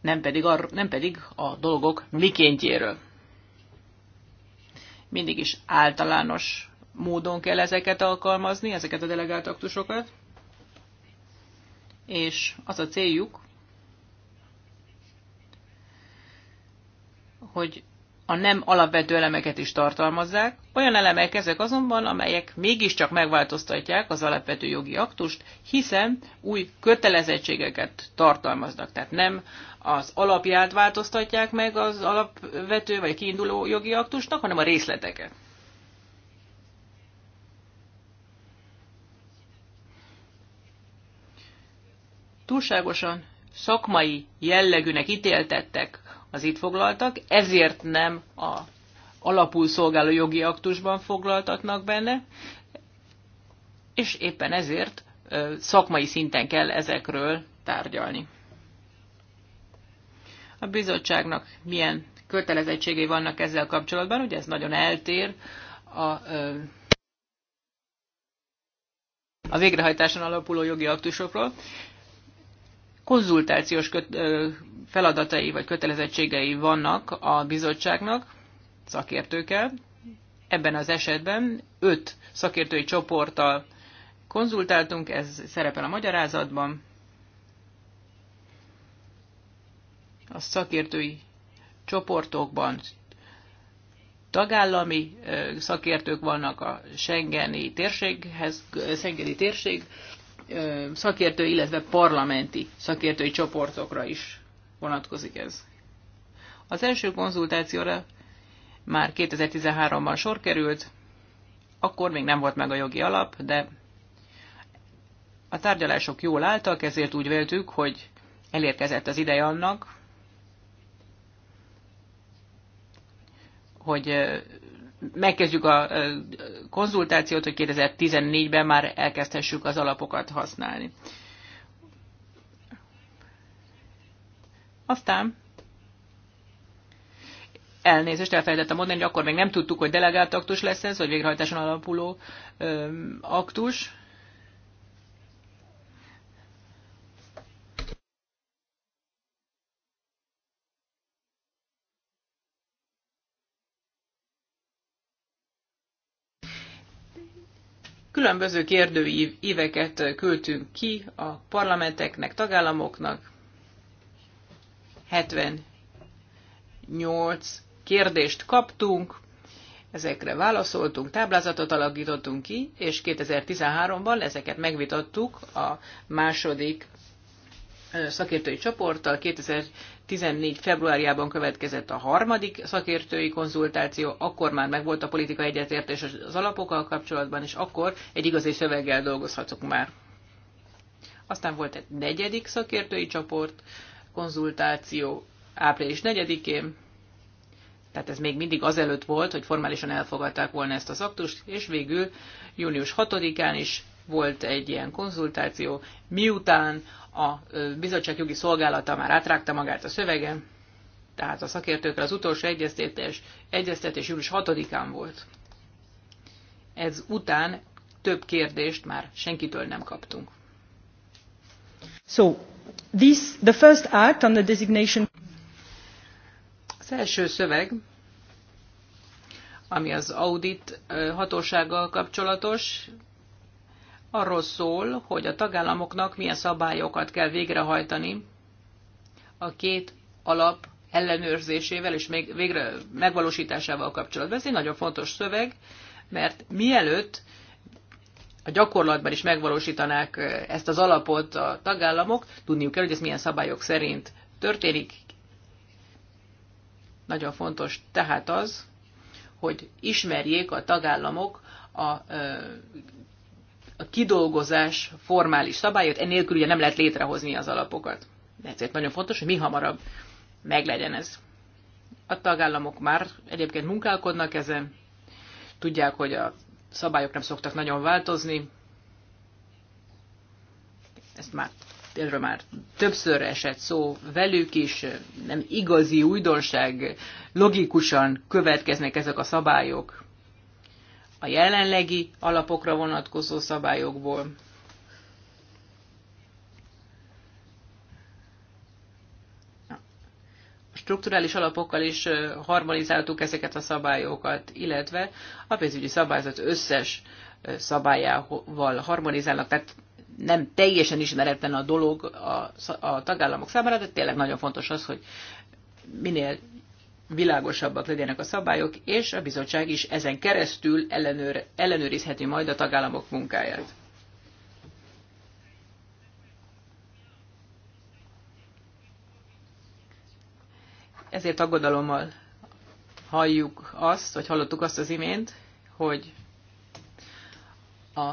nem pedig, a, nem pedig a dolgok mikéntjéről. Mindig is általános módon kell ezeket alkalmazni, ezeket a delegált aktusokat, és az a céljuk, hogy a nem alapvető elemeket is tartalmazzák, olyan elemek ezek azonban, amelyek mégiscsak megváltoztatják az alapvető jogi aktust, hiszen új kötelezettségeket tartalmaznak, tehát nem az alapját változtatják meg az alapvető vagy kiinduló jogi aktusnak, hanem a részleteket. Túlságosan szakmai jellegűnek ítéltettek az itt foglaltak, ezért nem a alapul szolgáló jogi aktusban foglaltatnak benne, és éppen ezért szakmai szinten kell ezekről tárgyalni. A bizottságnak milyen kötelezettségei vannak ezzel kapcsolatban, ugye ez nagyon eltér a, a végrehajtáson alapuló jogi aktusokról konzultációs köt, feladatai vagy kötelezettségei vannak a bizottságnak szakértőkkel. Ebben az esetben öt szakértői csoporttal konzultáltunk, ez szerepel a magyarázatban. A szakértői csoportokban tagállami szakértők vannak a Schengeni térséghez, Schengeni térség szakértői illetve parlamenti szakértői csoportokra is vonatkozik ez. Az első konzultációra már 2013-ban sor került, akkor még nem volt meg a jogi alap, de a tárgyalások jól álltak, ezért úgy véltük, hogy elérkezett az ideje annak, hogy megkezdjük a konzultációt, hogy 2014-ben már elkezdhessük az alapokat használni. Aztán elnézést elfelejtettem mondani, hogy akkor még nem tudtuk, hogy delegált aktus lesz ez, vagy végrehajtáson alapuló aktus. Különböző kérdőíveket küldtünk ki a parlamenteknek, tagállamoknak. 78 kérdést kaptunk, ezekre válaszoltunk, táblázatot alakítottunk ki, és 2013-ban ezeket megvitattuk a második szakértői csoporttal. 2014. februárjában következett a harmadik szakértői konzultáció, akkor már megvolt a politika egyetértés az alapokkal kapcsolatban, és akkor egy igazi szöveggel dolgozhatok már. Aztán volt egy negyedik szakértői csoport konzultáció április 4-én, tehát ez még mindig azelőtt volt, hogy formálisan elfogadták volna ezt az aktust, és végül június 6-án is volt egy ilyen konzultáció, miután a bizottság jogi szolgálata már átrágta magát a szövegen, tehát a szakértőkkel az utolsó egyeztetés, egyeztetés július 6-án volt. Ez után több kérdést már senkitől nem kaptunk. So, this, the first act on the designation... Az első szöveg, ami az audit hatósággal kapcsolatos, arról szól, hogy a tagállamoknak milyen szabályokat kell végrehajtani a két alap ellenőrzésével és még végre megvalósításával kapcsolatban. Ez egy nagyon fontos szöveg, mert mielőtt a gyakorlatban is megvalósítanák ezt az alapot a tagállamok, tudniuk kell, hogy ez milyen szabályok szerint történik. Nagyon fontos tehát az, hogy ismerjék a tagállamok a a kidolgozás formális szabályot, enélkül ugye nem lehet létrehozni az alapokat. De ezért nagyon fontos, hogy mi hamarabb meglegyen ez. A tagállamok már egyébként munkálkodnak ezen, tudják, hogy a szabályok nem szoktak nagyon változni. Ezt már, erről már többször esett szó velük is, nem igazi újdonság, logikusan következnek ezek a szabályok a jelenlegi alapokra vonatkozó szabályokból. strukturális alapokkal is harmonizáltuk ezeket a szabályokat, illetve a pénzügyi szabályzat összes szabályával harmonizálnak, tehát nem teljesen ismeretlen a dolog a, a tagállamok számára, de tényleg nagyon fontos az, hogy minél világosabbak legyenek a szabályok, és a bizottság is ezen keresztül ellenőr, ellenőrizheti majd a tagállamok munkáját. Ezért aggodalommal halljuk azt, vagy hallottuk azt az imént, hogy a,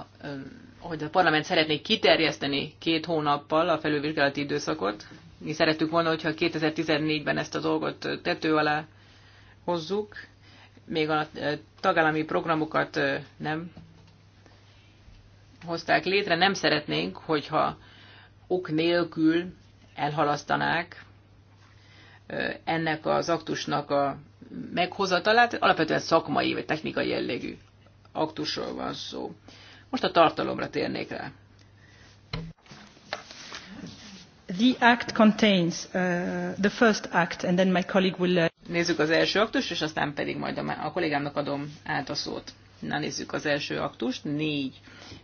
hogy a parlament szeretné kiterjeszteni két hónappal a felülvizsgálati időszakot, mi szerettük volna, hogyha 2014-ben ezt a dolgot tető alá hozzuk, még a eh, tagállami programokat eh, nem hozták létre. Nem szeretnénk, hogyha ok nélkül elhalasztanák eh, ennek az aktusnak a meghozatalát. Alapvetően szakmai vagy technikai jellegű aktusról van szó. Most a tartalomra térnék rá. the act contains uh, the first act, and then my colleague will... Uh... Nézzük az első aktust, és aztán pedig majd a, a kollégámnak adom át a szót. Na nézzük az első aktust, négy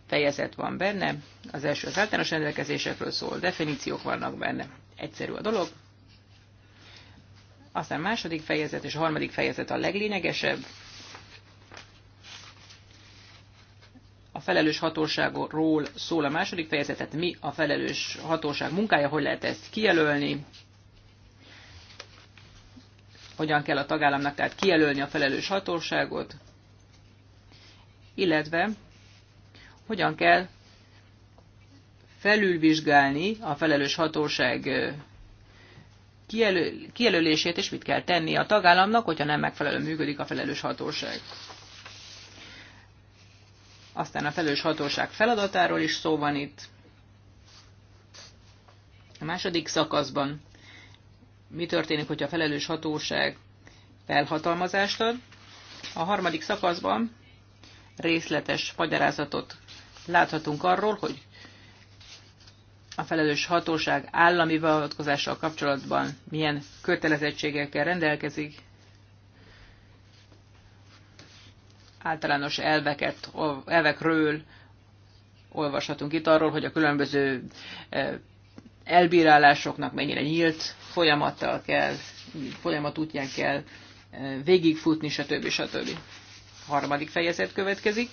fejezet van benne, az első az általános rendelkezésekről szól, definíciók vannak benne, egyszerű a dolog. Aztán második fejezet és a harmadik fejezet a leglényegesebb, a felelős hatóságról szól a második fejezet, tehát mi a felelős hatóság munkája, hogy lehet ezt kijelölni, hogyan kell a tagállamnak tehát kijelölni a felelős hatóságot, illetve hogyan kell felülvizsgálni a felelős hatóság kijelölését, és mit kell tenni a tagállamnak, hogyha nem megfelelően működik a felelős hatóság. Aztán a felős hatóság feladatáról is szó van itt. A második szakaszban mi történik, hogyha a felelős hatóság felhatalmazást ad. A harmadik szakaszban részletes magyarázatot láthatunk arról, hogy a felelős hatóság állami beavatkozással kapcsolatban milyen kötelezettségekkel rendelkezik, általános elveket, elvekről olvashatunk itt arról, hogy a különböző e, elbírálásoknak mennyire nyílt folyamattal kell, folyamat útján kell e, végigfutni, stb. stb. Harmadik fejezet következik.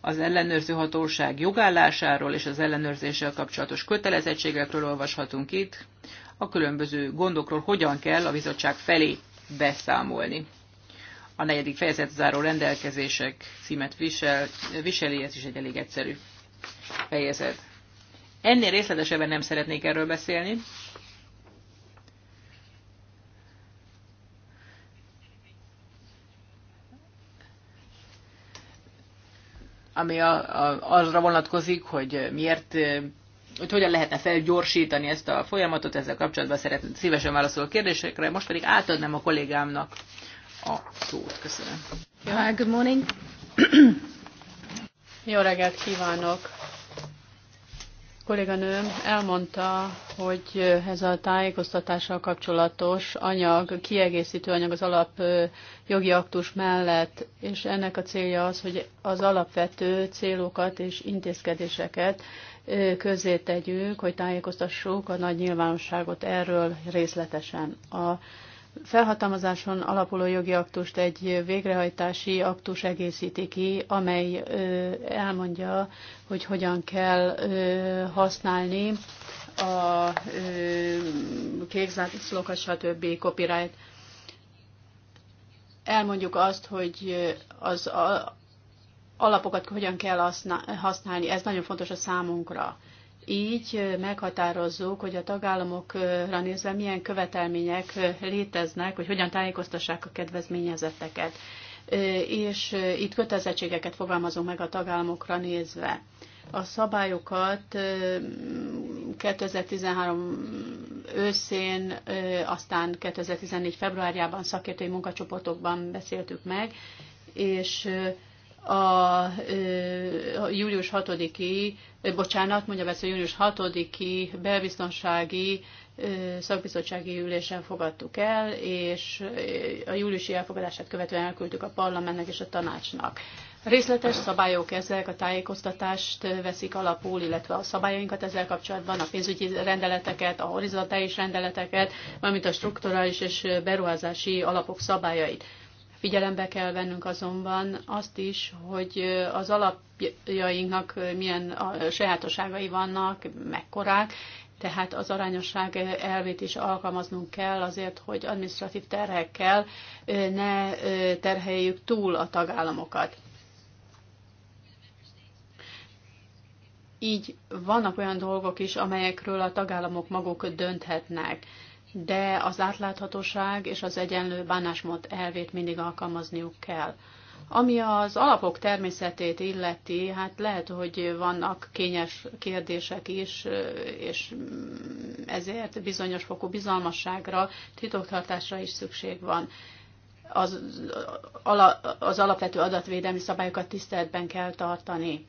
Az ellenőrző hatóság jogállásáról és az ellenőrzéssel kapcsolatos kötelezettségekről olvashatunk itt. A különböző gondokról hogyan kell a bizottság felé beszámolni a negyedik fejezet záró rendelkezések címet visel, viseli, ez is egy elég egyszerű fejezet. Ennél részletesebben nem szeretnék erről beszélni. Ami a, a, azra vonatkozik, hogy miért, hogy hogyan lehetne felgyorsítani ezt a folyamatot, ezzel kapcsolatban szeret, szívesen válaszol a kérdésekre, most pedig átadnám a kollégámnak a szót. Köszönöm. Jó, good morning. Jó reggelt kívánok! kolléganőm elmondta, hogy ez a tájékoztatással kapcsolatos anyag, kiegészítő anyag az alap jogi aktus mellett, és ennek a célja az, hogy az alapvető célokat és intézkedéseket közé tegyük, hogy tájékoztassuk a nagy nyilvánosságot erről részletesen. A felhatalmazáson alapuló jogi aktust egy végrehajtási aktus egészíti ki, amely elmondja, hogy hogyan kell használni a kékzászlókat, stb. copyright. Elmondjuk azt, hogy az alapokat hogyan kell használni, ez nagyon fontos a számunkra. Így meghatározzuk, hogy a tagállamokra nézve milyen követelmények léteznek, hogy hogyan tájékoztassák a kedvezményezetteket. És itt kötelezettségeket fogalmazunk meg a tagállamokra nézve. A szabályokat 2013 őszén, aztán 2014 februárjában szakértői munkacsoportokban beszéltük meg, és a július 6-i, bocsánat, mondja ezt, szóval a július 6-i belbiztonsági szakbizottsági ülésen fogadtuk el, és a júliusi elfogadását követően elküldtük a parlamentnek és a tanácsnak. Részletes szabályok ezek, a tájékoztatást veszik alapul, illetve a szabályainkat ezzel kapcsolatban, a pénzügyi rendeleteket, a horizontális rendeleteket, valamint a strukturális és beruházási alapok szabályait. Figyelembe kell vennünk azonban azt is, hogy az alapjainknak milyen sajátosságai vannak, mekkorák, tehát az arányosság elvét is alkalmaznunk kell azért, hogy administratív terhekkel ne terheljük túl a tagállamokat. Így vannak olyan dolgok is, amelyekről a tagállamok maguk dönthetnek de az átláthatóság és az egyenlő bánásmód elvét mindig alkalmazniuk kell. Ami az alapok természetét illeti, hát lehet, hogy vannak kényes kérdések is, és ezért bizonyos fokú bizalmasságra, titoktartásra is szükség van. Az, az alapvető adatvédelmi szabályokat tiszteletben kell tartani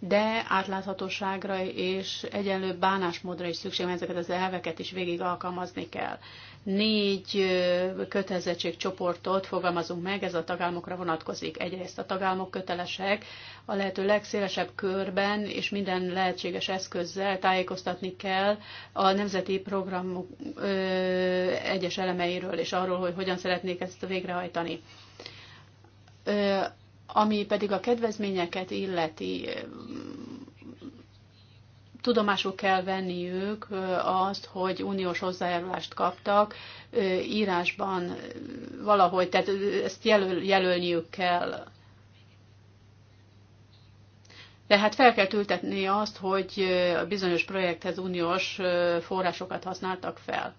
de átláthatóságra és egyenlő bánásmódra is szükség mert ezeket az elveket is végig alkalmazni kell. Négy kötelezettségcsoportot fogalmazunk meg, ez a tagállamokra vonatkozik. Egyrészt a tagállamok kötelesek a lehető legszélesebb körben és minden lehetséges eszközzel tájékoztatni kell a nemzeti programok egyes elemeiről és arról, hogy hogyan szeretnék ezt végrehajtani ami pedig a kedvezményeket illeti, tudomásul kell venni ők azt, hogy uniós hozzájárulást kaptak, írásban valahogy, tehát ezt jelöl, jelölniük kell. De hát fel kell tültetni azt, hogy a bizonyos projekthez uniós forrásokat használtak fel.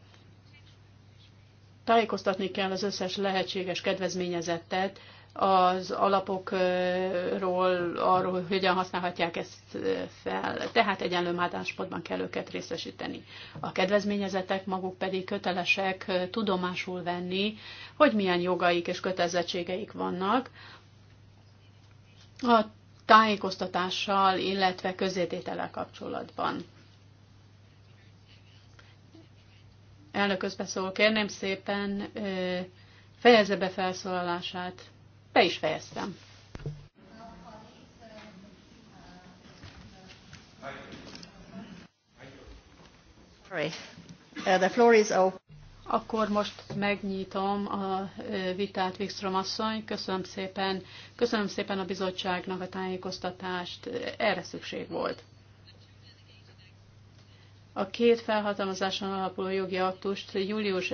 Tájékoztatni kell az összes lehetséges kedvezményezettet, az alapokról, arról, hogy hogyan használhatják ezt fel. Tehát egyenlő álláspontban kell őket részesíteni. A kedvezményezetek maguk pedig kötelesek tudomásul venni, hogy milyen jogaik és kötelezettségeik vannak. A tájékoztatással, illetve közététele kapcsolatban. Elnök közbeszól, kérném szépen, fejezze be felszólalását. Be is fejeztem. Uh, the floor is open. Akkor most megnyitom a uh, vitát, Wikström asszony. Köszönöm szépen, köszönöm szépen a bizottságnak a tájékoztatást. Erre szükség volt. A két felhatalmazáson alapuló jogi aktust július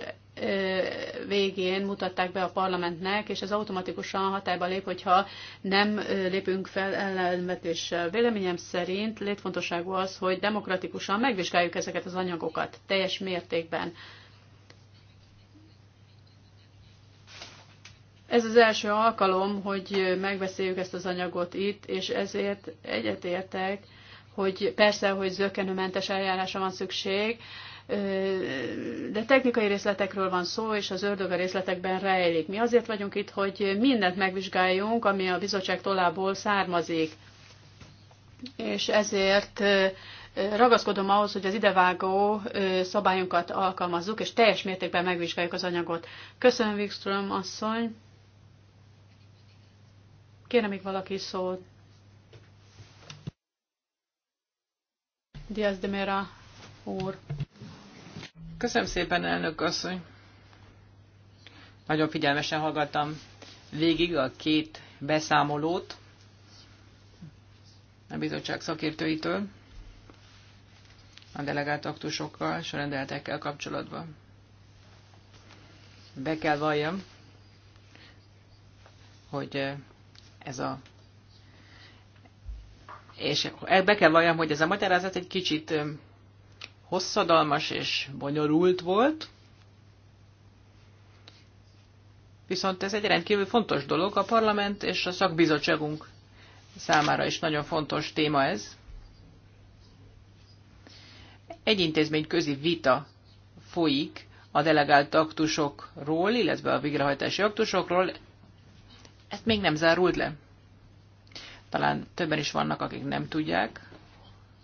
végén mutatták be a parlamentnek, és ez automatikusan hatályba lép, hogyha nem lépünk fel ellenvetéssel. Véleményem szerint létfontosságú az, hogy demokratikusan megvizsgáljuk ezeket az anyagokat teljes mértékben. Ez az első alkalom, hogy megbeszéljük ezt az anyagot itt, és ezért egyetértek hogy persze, hogy zökkenőmentes eljárásra van szükség, de technikai részletekről van szó, és az ördög a részletekben rejlik. Mi azért vagyunk itt, hogy mindent megvizsgáljunk, ami a bizottság tollából származik. És ezért ragaszkodom ahhoz, hogy az idevágó szabályunkat alkalmazzuk, és teljes mértékben megvizsgáljuk az anyagot. Köszönöm, Wikström asszony. Kérem még valaki szót. de Mera úr. Köszönöm szépen, elnök asszony. Nagyon figyelmesen hallgattam végig a két beszámolót a bizottság szakértőitől a delegált aktusokkal és a rendeletekkel kapcsolatban. Be kell valljam, hogy ez a és be kell valljam, hogy ez a magyarázat egy kicsit hosszadalmas és bonyolult volt, viszont ez egy rendkívül fontos dolog a parlament és a szakbizottságunk számára is nagyon fontos téma ez. Egy intézmény közi vita folyik a delegált aktusokról, illetve a végrehajtási aktusokról, ezt még nem zárult le. Talán többen is vannak, akik nem tudják,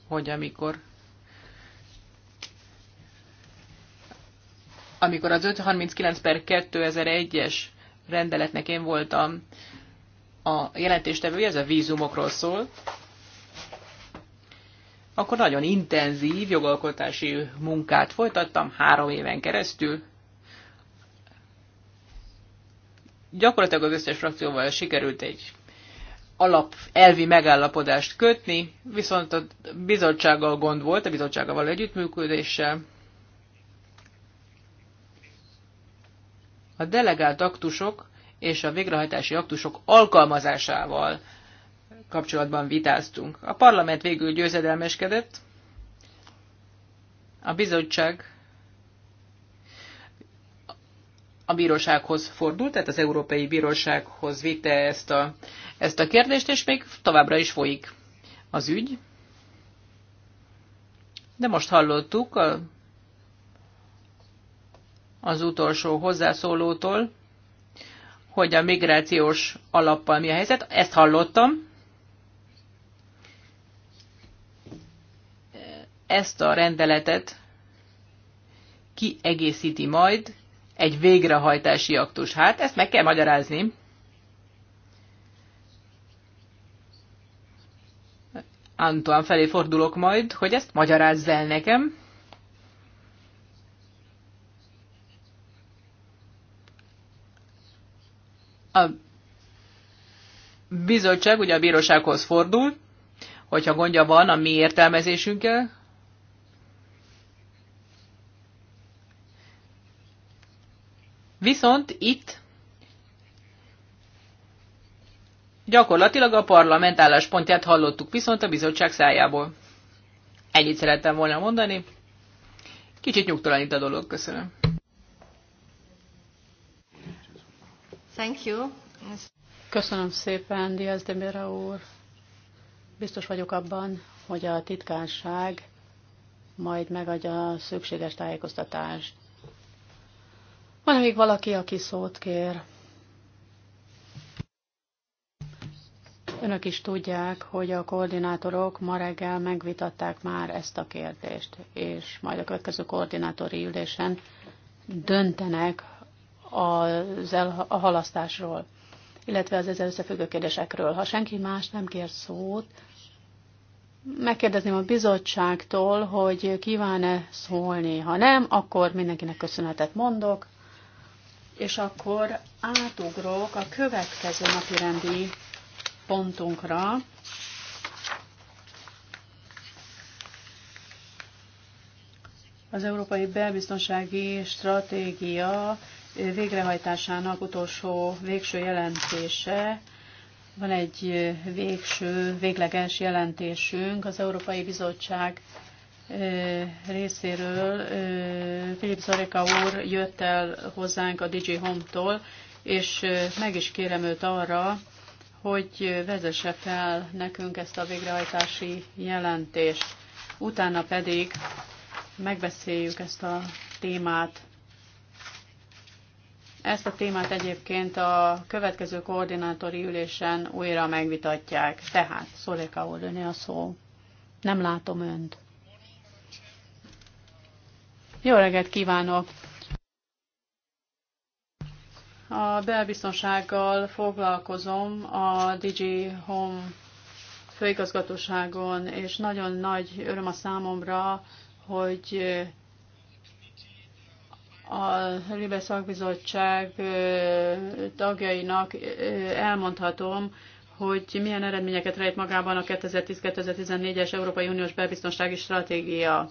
hogy amikor amikor az 539 per 2001-es rendeletnek én voltam a jelentéstevője, ez a vízumokról szól, akkor nagyon intenzív jogalkotási munkát folytattam három éven keresztül. Gyakorlatilag az összes frakcióval sikerült egy alap elvi megállapodást kötni, viszont a bizottsággal gond volt, a bizottsággal való együttműködéssel. A delegált aktusok és a végrehajtási aktusok alkalmazásával kapcsolatban vitáztunk. A parlament végül győzedelmeskedett, a bizottság a bírósághoz fordult, tehát az Európai Bírósághoz vitte ezt a ezt a kérdést, és még továbbra is folyik az ügy. De most hallottuk a, az utolsó hozzászólótól, hogy a migrációs alappal mi a helyzet. Ezt hallottam. Ezt a rendeletet kiegészíti majd egy végrehajtási aktus. Hát ezt meg kell magyarázni. Antoine felé fordulok majd, hogy ezt magyarázz el nekem. A bizottság ugye a bírósághoz fordul, hogyha gondja van a mi értelmezésünkkel, Viszont itt Gyakorlatilag a parlament álláspontját hallottuk viszont a bizottság szájából. Ennyit szerettem volna mondani. Kicsit nyugtalanít a dolog, köszönöm. Thank you. Köszönöm szépen, Diaz de Mera úr. Biztos vagyok abban, hogy a titkárság majd megadja a szükséges tájékoztatást. Van még valaki, aki szót kér? Önök is tudják, hogy a koordinátorok ma reggel megvitatták már ezt a kérdést, és majd a következő koordinátori ülésen döntenek az halasztásról, illetve az ezzel összefüggő kérdésekről. Ha senki más nem kér szót, megkérdezném a bizottságtól, hogy kíván-e szólni. Ha nem, akkor mindenkinek köszönetet mondok, és akkor átugrok a következő napi rendi pontunkra. Az Európai Belbiztonsági Stratégia végrehajtásának utolsó végső jelentése. Van egy végső, végleges jelentésünk az Európai Bizottság részéről. Filip Zareka úr jött el hozzánk a DJ Home-tól, és meg is kérem őt arra, hogy vezesse fel nekünk ezt a végrehajtási jelentést. Utána pedig megbeszéljük ezt a témát. Ezt a témát egyébként a következő koordinátori ülésen újra megvitatják. Tehát, Szoléka úr, a szó. Nem látom önt. Jó reggelt kívánok! A belbiztonsággal foglalkozom a Digi Home főigazgatóságon, és nagyon nagy öröm a számomra, hogy a Libe Szakbizottság tagjainak elmondhatom, hogy milyen eredményeket rejt magában a 2010-2014-es Európai Uniós Belbiztonsági Stratégia.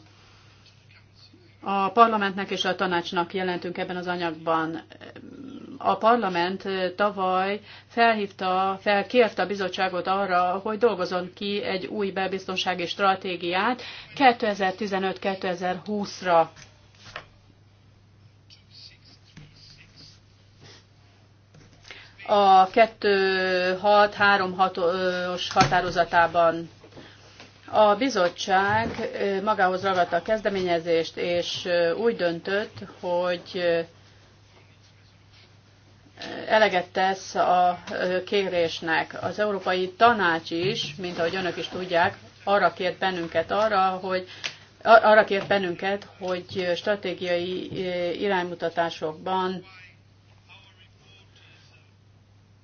A parlamentnek és a tanácsnak jelentünk ebben az anyagban a parlament tavaly felhívta, felkérte a bizottságot arra, hogy dolgozzon ki egy új belbiztonsági stratégiát 2015-2020-ra. A 2636-os határozatában a bizottság magához ragadta a kezdeményezést, és úgy döntött, hogy eleget tesz a kérésnek. Az Európai Tanács is, mint ahogy önök is tudják, arra kért bennünket arra, hogy arra kért bennünket, hogy stratégiai iránymutatásokban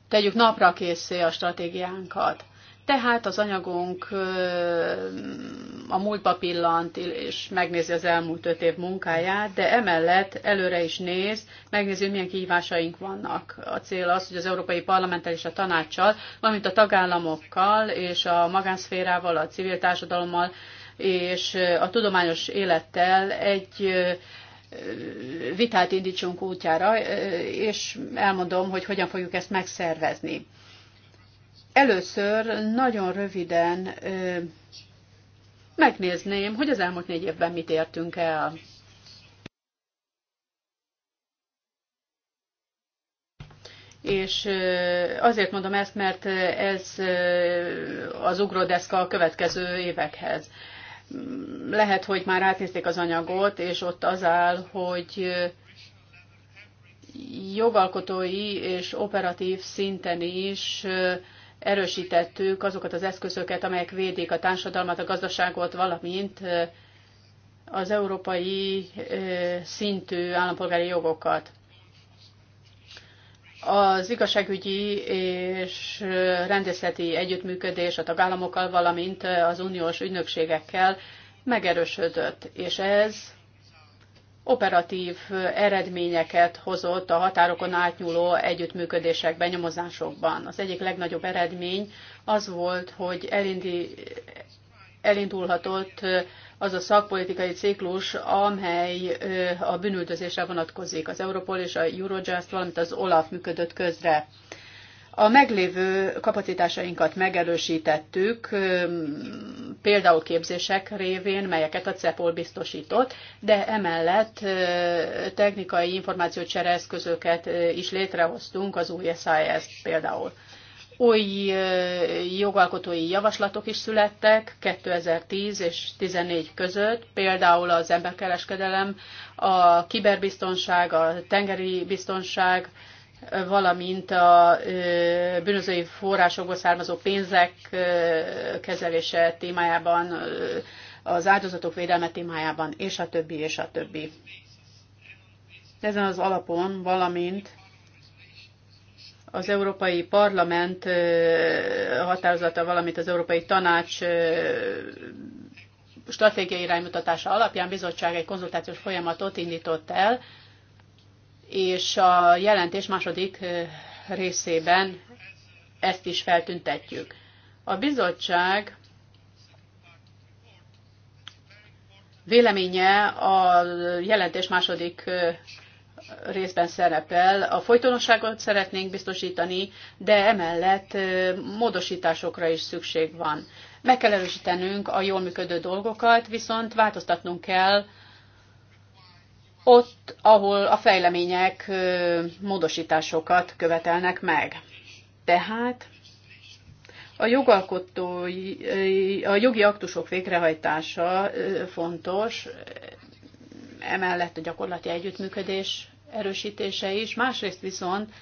tegyük napra készé a stratégiánkat. Tehát az anyagunk a múltba pillant, és megnézi az elmúlt öt év munkáját, de emellett előre is néz, megnézi, hogy milyen kihívásaink vannak. A cél az, hogy az Európai Parlamenttel és a tanácssal, valamint a tagállamokkal és a magánszférával, a civil társadalommal és a tudományos élettel egy vitát indítsunk útjára, és elmondom, hogy hogyan fogjuk ezt megszervezni. Először nagyon röviden megnézném, hogy az elmúlt négy évben mit értünk el. és azért mondom ezt, mert ez az ugródeszka a következő évekhez. Lehet, hogy már átnézték az anyagot, és ott az áll, hogy jogalkotói és operatív szinten is erősítettük azokat az eszközöket, amelyek védik a társadalmat, a gazdaságot, valamint az európai szintű állampolgári jogokat. Az igazságügyi és rendészeti együttműködés a tagállamokkal, valamint az uniós ügynökségekkel megerősödött, és ez operatív eredményeket hozott a határokon átnyúló együttműködésekben, nyomozásokban. Az egyik legnagyobb eredmény az volt, hogy elindi, elindulhatott az a szakpolitikai ciklus, amely a bűnüldözésre vonatkozik. Az Europol és a Eurojust, valamint az OLAF működött közre. A meglévő kapacitásainkat megerősítettük, például képzések révén, melyeket a CEPOL biztosított, de emellett technikai információcsere eszközöket is létrehoztunk, az új SIS például. Új jogalkotói javaslatok is születtek 2010 és 2014 között, például az emberkereskedelem, a kiberbiztonság, a tengeri biztonság, valamint a bűnözői forrásokból származó pénzek kezelése témájában, az áldozatok védelme témájában, és a többi, és a többi. Ezen az alapon, valamint az Európai Parlament határozata, valamint az Európai Tanács stratégiai iránymutatása alapján bizottság egy konzultációs folyamatot indított el, és a jelentés második részében ezt is feltüntetjük. A bizottság véleménye a jelentés második részben szerepel. A folytonosságot szeretnénk biztosítani, de emellett módosításokra is szükség van. Meg kell erősítenünk a jól működő dolgokat, viszont változtatnunk kell ott, ahol a fejlemények módosításokat követelnek meg. Tehát a jogalkotói, a jogi aktusok végrehajtása fontos, emellett a gyakorlati együttműködés erősítése is, másrészt viszont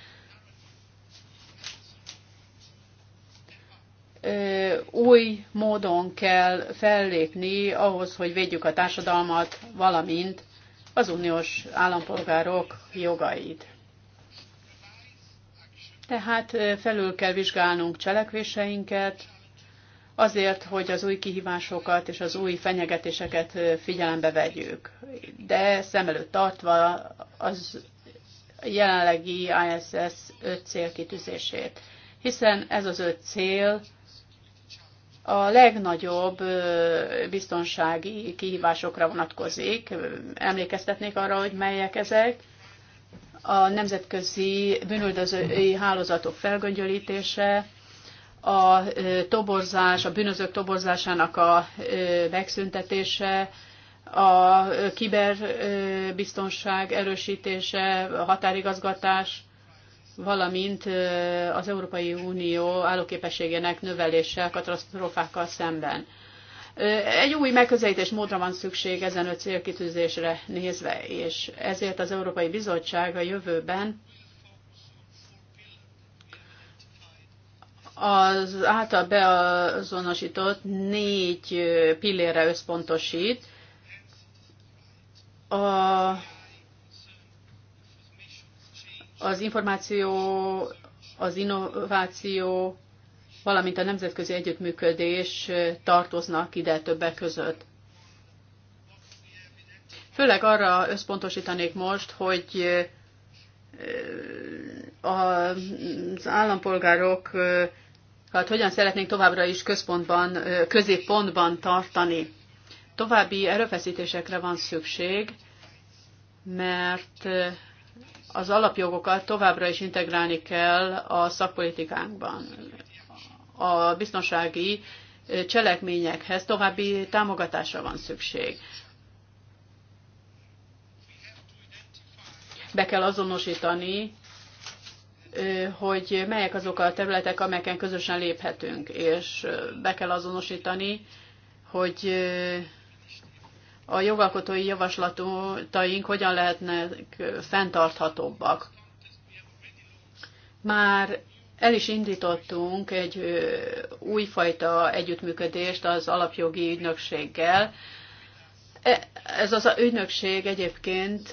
új módon kell fellépni ahhoz, hogy védjük a társadalmat, valamint az uniós állampolgárok jogait. Tehát felül kell vizsgálnunk cselekvéseinket, azért, hogy az új kihívásokat és az új fenyegetéseket figyelembe vegyük, de szem előtt tartva az jelenlegi ISS öt célkitűzését. Hiszen ez az öt cél a legnagyobb biztonsági kihívásokra vonatkozik. Emlékeztetnék arra, hogy melyek ezek. A nemzetközi bűnöldözői hálózatok felgöngyölítése, a toborzás, a bűnözők toborzásának a megszüntetése, a kiberbiztonság erősítése, a határigazgatás, valamint az Európai Unió állóképességének növelése katasztrófákkal szemben. Egy új megközelítés módra van szükség ezen öt célkitűzésre nézve, és ezért az Európai Bizottság a jövőben az által beazonosított négy pillére összpontosít. A az információ, az innováció, valamint a nemzetközi együttműködés tartoznak ide többek között. Főleg arra összpontosítanék most, hogy eh, az eh, hát hogyan szeretnénk továbbra is központban, eh, középpontban tartani. További erőfeszítésekre van szükség, mert az alapjogokat továbbra is integrálni kell a szakpolitikánkban. A biztonsági cselekményekhez további támogatásra van szükség. Be kell azonosítani, hogy melyek azok a területek, amelyeken közösen léphetünk, és be kell azonosítani, hogy a jogalkotói javaslataink hogyan lehetnek fenntarthatóbbak. Már el is indítottunk egy újfajta együttműködést az alapjogi ügynökséggel. E, ez az ügynökség egyébként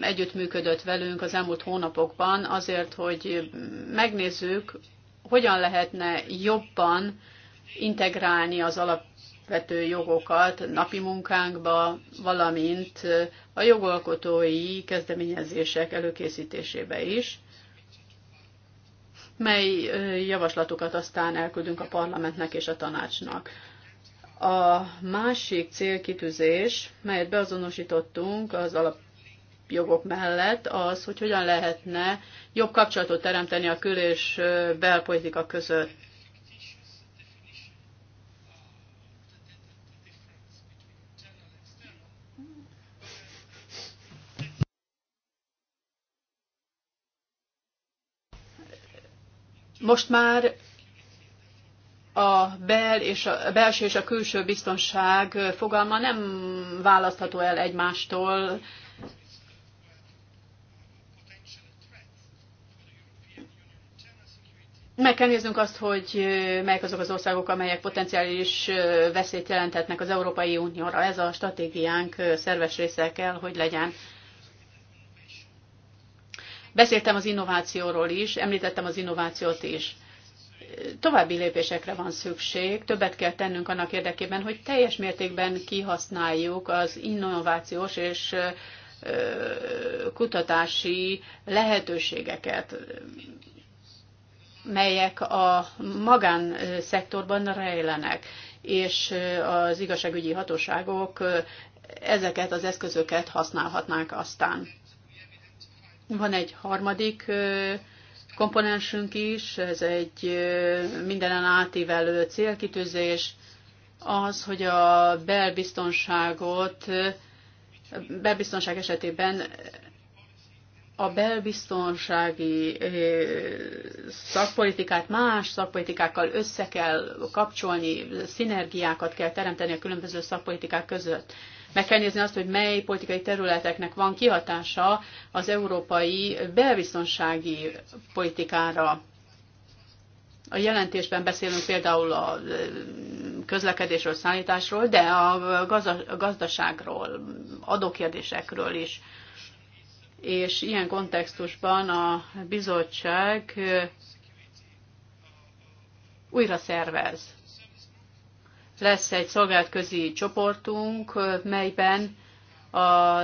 együttműködött velünk az elmúlt hónapokban azért, hogy megnézzük, hogyan lehetne jobban integrálni az alap alapvető jogokat napi munkánkba, valamint a jogalkotói kezdeményezések előkészítésébe is, mely javaslatokat aztán elküldünk a parlamentnek és a tanácsnak. A másik célkitűzés, melyet beazonosítottunk az alapjogok mellett, az, hogy hogyan lehetne jobb kapcsolatot teremteni a kül- és belpolitika között Most már a bel és a, belső és a külső biztonság fogalma nem választható el egymástól. Meg kell néznünk azt, hogy melyek azok az országok, amelyek potenciális veszélyt jelenthetnek az Európai Unióra. Ez a stratégiánk szerves része kell, hogy legyen. Beszéltem az innovációról is, említettem az innovációt is. További lépésekre van szükség, többet kell tennünk annak érdekében, hogy teljes mértékben kihasználjuk az innovációs és kutatási lehetőségeket, melyek a magánszektorban rejlenek, és az igazságügyi hatóságok ezeket az eszközöket használhatnák aztán. Van egy harmadik komponensünk is, ez egy mindenen átívelő célkitűzés, az, hogy a belbiztonságot, belbiztonság esetében a belbiztonsági szakpolitikát más szakpolitikákkal össze kell kapcsolni, szinergiákat kell teremteni a különböző szakpolitikák között. Meg kell nézni azt, hogy mely politikai területeknek van kihatása az európai belbiztonsági politikára. A jelentésben beszélünk például a közlekedésről, szállításról, de a gazdaságról, adókérdésekről is. És ilyen kontextusban a bizottság újra szervez lesz egy szolgáltközi csoportunk, melyben a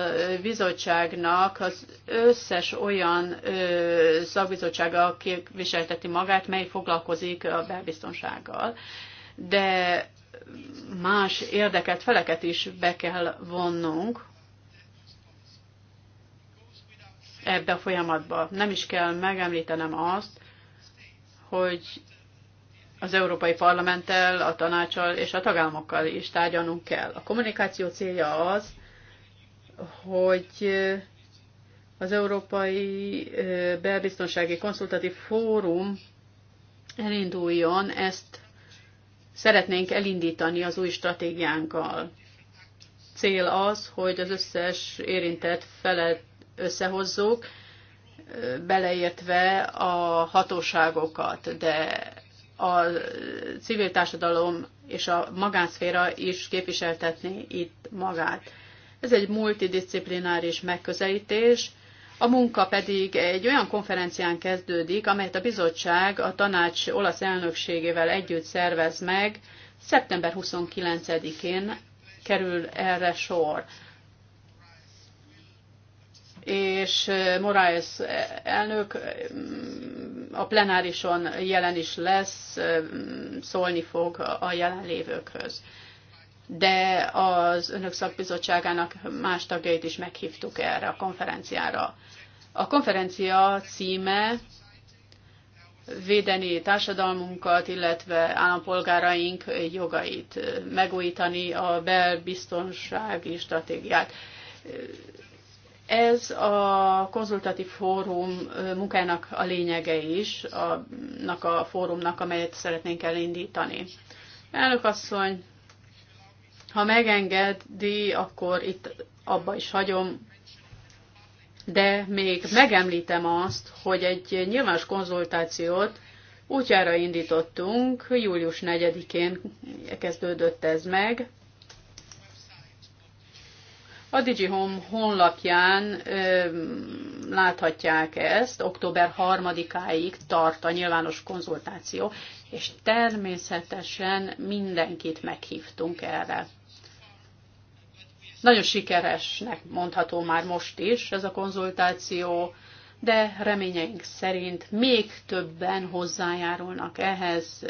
bizottságnak az összes olyan szakbizottsága képviselteti magát, mely foglalkozik a belbiztonsággal. De más érdeket, feleket is be kell vonnunk ebbe a folyamatba. Nem is kell megemlítenem azt, hogy az Európai Parlamenttel, a tanácsal és a tagállamokkal is tárgyalnunk kell. A kommunikáció célja az, hogy az Európai Belbiztonsági Konszultatív Fórum elinduljon, ezt szeretnénk elindítani az új stratégiánkkal. Cél az, hogy az összes érintett felet összehozzuk, beleértve a hatóságokat, de a civil társadalom és a magánszféra is képviseltetni itt magát. Ez egy multidisciplináris megközelítés, a munka pedig egy olyan konferencián kezdődik, amelyet a bizottság a tanács olasz elnökségével együtt szervez meg. Szeptember 29-én kerül erre sor. És eh, Moraes eh, elnök mm, a plenárison jelen is lesz, szólni fog a jelenlévőkhöz. De az önök szakbizottságának más tagjait is meghívtuk erre a konferenciára. A konferencia címe védeni társadalmunkat, illetve állampolgáraink jogait, megújítani a belbiztonsági stratégiát. Ez a konzultatív fórum munkának a lényege is, annak a fórumnak, amelyet szeretnénk elindítani. Elnök asszony, ha megengedi, akkor itt abba is hagyom, de még megemlítem azt, hogy egy nyilvános konzultációt útjára indítottunk, július 4-én kezdődött ez meg, a DigiHome honlapján ö, láthatják ezt, október 3-áig tart a nyilvános konzultáció, és természetesen mindenkit meghívtunk erre. Nagyon sikeresnek mondható már most is ez a konzultáció, de reményeink szerint még többen hozzájárulnak ehhez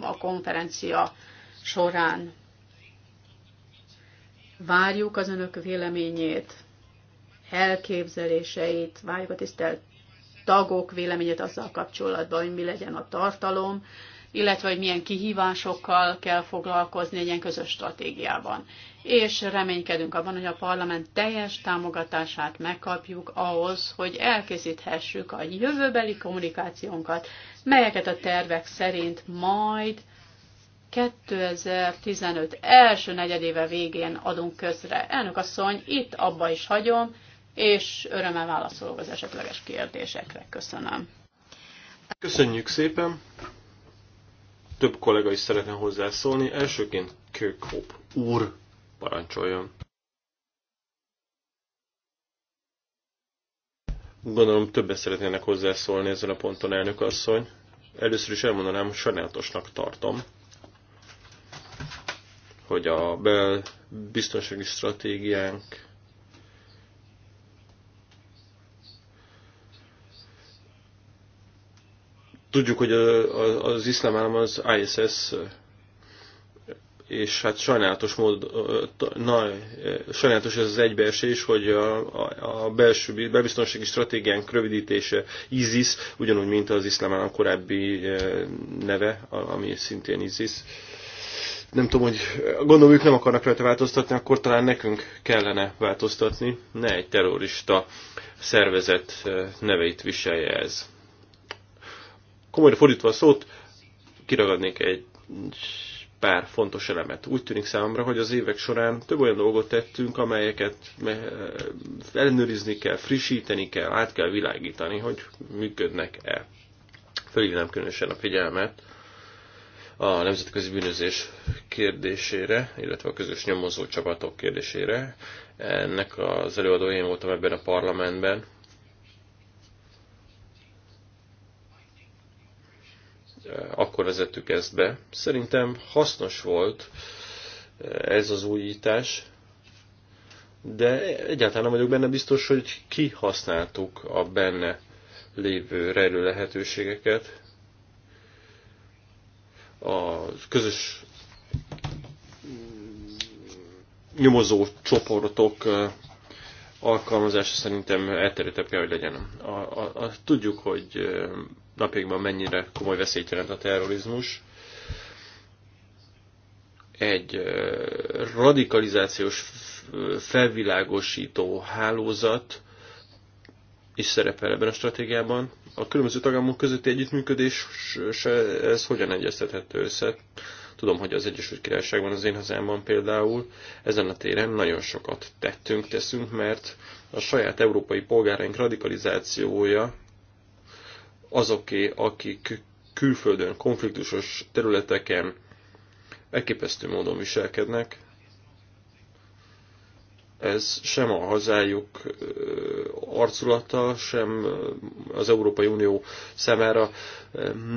a konferencia során. Várjuk az önök véleményét, elképzeléseit, várjuk a tisztelt tagok véleményét azzal kapcsolatban, hogy mi legyen a tartalom, illetve hogy milyen kihívásokkal kell foglalkozni egy ilyen közös stratégiában. És reménykedünk abban, hogy a parlament teljes támogatását megkapjuk ahhoz, hogy elkészíthessük a jövőbeli kommunikációnkat, melyeket a tervek szerint majd 2015 első negyedéve végén adunk közre. Elnök asszony, itt abba is hagyom, és örömmel válaszolok az esetleges kérdésekre. Köszönöm. Köszönjük szépen. Több kollega is szeretne hozzászólni. Elsőként Kökhop úr parancsoljon. Gondolom többen szeretnének hozzászólni ezen a ponton, elnök asszony. Először is elmondanám, hogy sajnálatosnak tartom, hogy a bel biztonsági stratégiánk Tudjuk, hogy az iszlám állam az ISS és hát sajnálatos mód, na, sajnálatos ez az egybeesés, hogy a, a, belső bebiztonsági stratégiánk rövidítése ISIS, ugyanúgy, mint az iszlám állam korábbi neve, ami szintén ISIS nem tudom, hogy gondolom ők nem akarnak rajta változtatni, akkor talán nekünk kellene változtatni. Ne egy terrorista szervezet eh, neveit viselje ez. Komolyra fordítva a szót, kiragadnék egy pár fontos elemet. Úgy tűnik számomra, hogy az évek során több olyan dolgot tettünk, amelyeket eh, ellenőrizni kell, frissíteni kell, át kell világítani, hogy működnek-e. Fölhívnám különösen a figyelmet a nemzetközi bűnözés kérdésére, illetve a közös nyomozó csapatok kérdésére. Ennek az előadó én voltam ebben a parlamentben. Akkor vezettük ezt be. Szerintem hasznos volt ez az újítás, de egyáltalán nem vagyok benne biztos, hogy kihasználtuk a benne lévő rejlő lehetőségeket a közös nyomozó csoportok alkalmazása szerintem elterjedtebb kell, hogy legyen. A, a, a, tudjuk, hogy napjainkban mennyire komoly veszélyt jelent a terrorizmus. Egy radikalizációs felvilágosító hálózat is szerepel ebben a stratégiában. A különböző tagállamok közötti együttműködés ez hogyan egyeztethető össze? Tudom, hogy az Egyesült Királyságban, az én hazámban például ezen a téren nagyon sokat tettünk, teszünk, mert a saját európai polgáraink radikalizációja azoké, akik külföldön, konfliktusos területeken elképesztő módon viselkednek, ez sem a hazájuk arculata, sem az Európai Unió szemára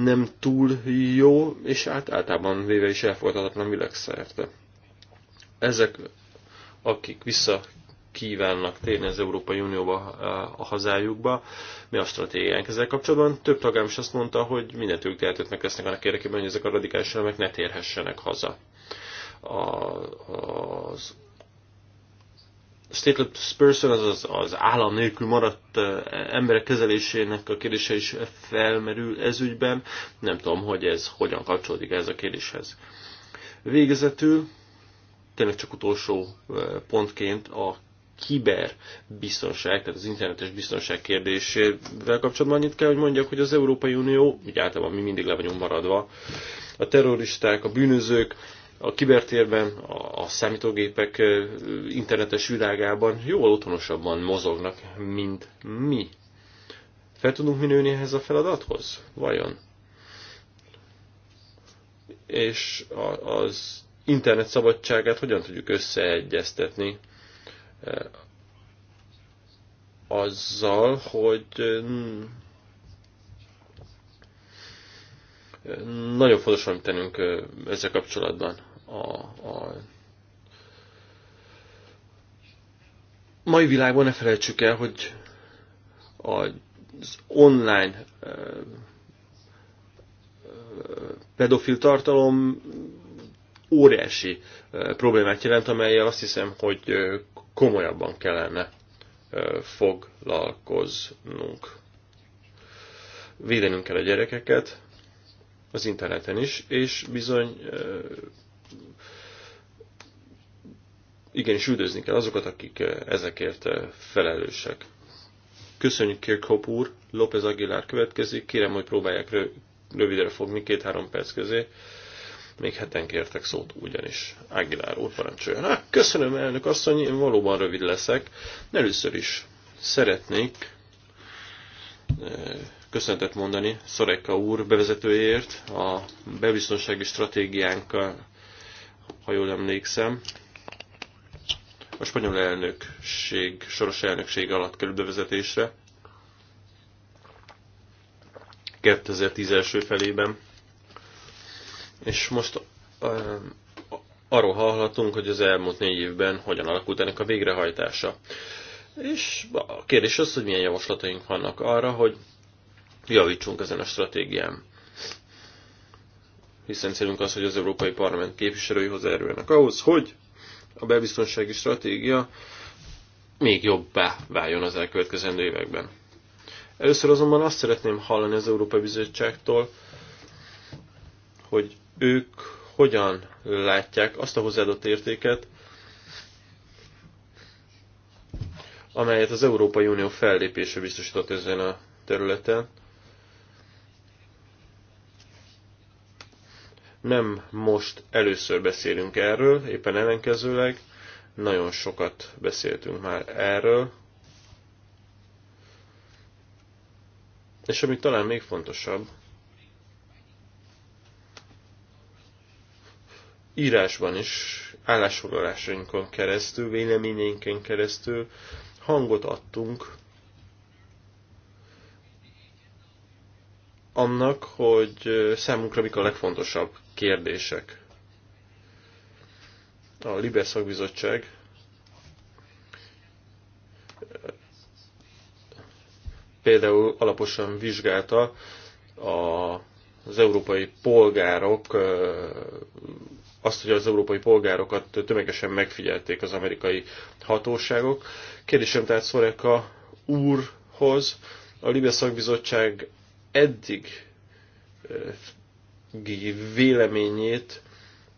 nem túl jó, és át, általában véve is elfogadhatatlan világszerte. Ezek, akik vissza kívánnak térni az Európai Unióba, a hazájukba. Mi a stratégiánk ezzel kapcsolatban? Több tagám is azt mondta, hogy mindent ők tehetőt megtesznek annak érdekében, hogy ezek a radikális elemek ne térhessenek haza. A, az stateless person, az az állam nélkül maradt eh, emberek kezelésének a kérdése is felmerül ez ügyben, Nem tudom, hogy ez hogyan kapcsolódik ez a kérdéshez. Végezetül, tényleg csak utolsó eh, pontként a kiberbiztonság, tehát az internetes biztonság kérdésével kapcsolatban annyit kell, hogy mondjak, hogy az Európai Unió, úgy általában mi mindig le vagyunk maradva, a terroristák, a bűnözők, a kibertérben, a számítógépek internetes világában jóval otthonosabban mozognak, mint mi. Fel tudunk mi nőni ehhez a feladathoz? Vajon? És az internet szabadságát hogyan tudjuk összeegyeztetni azzal, hogy nagyon fontos, amit tennünk ezzel kapcsolatban a, a mai világban ne felejtsük el, hogy az online pedofil tartalom óriási problémát jelent, amelyel azt hiszem, hogy komolyabban kellene foglalkoznunk. Védenünk kell a gyerekeket, az interneten is, és bizony igenis üldözni kell azokat, akik eh, ezekért eh, felelősek. Köszönjük Kirkhope úr, López Aguilar következik, kérem, hogy próbálják rövidre fogni, két-három perc közé. Még heten kértek szót ugyanis. Aguilar úr parancsolja. Ah, Na köszönöm elnök asszony, én valóban rövid leszek. Először is szeretnék eh, köszöntet mondani Szoreka úr bevezetőjéért, a bebiztonsági stratégiánkkal, ha jól emlékszem, a spanyol elnökség, soros elnökség alatt kerül bevezetésre. 2010 első felében. És most um, arról hallhatunk, hogy az elmúlt négy évben hogyan alakult ennek a végrehajtása. És a kérdés az, hogy milyen javaslataink vannak arra, hogy javítsunk ezen a stratégián. Hiszen célunk az, hogy az Európai Parlament képviselői hozzájáruljanak ahhoz, hogy a belbiztonsági stratégia még jobbá váljon az elkövetkezendő években. Először azonban azt szeretném hallani az Európai Bizottságtól, hogy ők hogyan látják azt a hozzáadott értéket, amelyet az Európai Unió fellépése biztosított ezen a területen, Nem most először beszélünk erről, éppen ellenkezőleg nagyon sokat beszéltünk már erről. És ami talán még fontosabb, írásban is, állásfoglalásainkon keresztül, véleményeinken keresztül hangot adtunk annak, hogy számunkra mik a legfontosabb kérdések. A Libe szakbizottság például alaposan vizsgálta az európai polgárok, azt, hogy az európai polgárokat tömegesen megfigyelték az amerikai hatóságok. Kérdésem tehát Szoreka úrhoz, a Libia szakbizottság eddig véleményét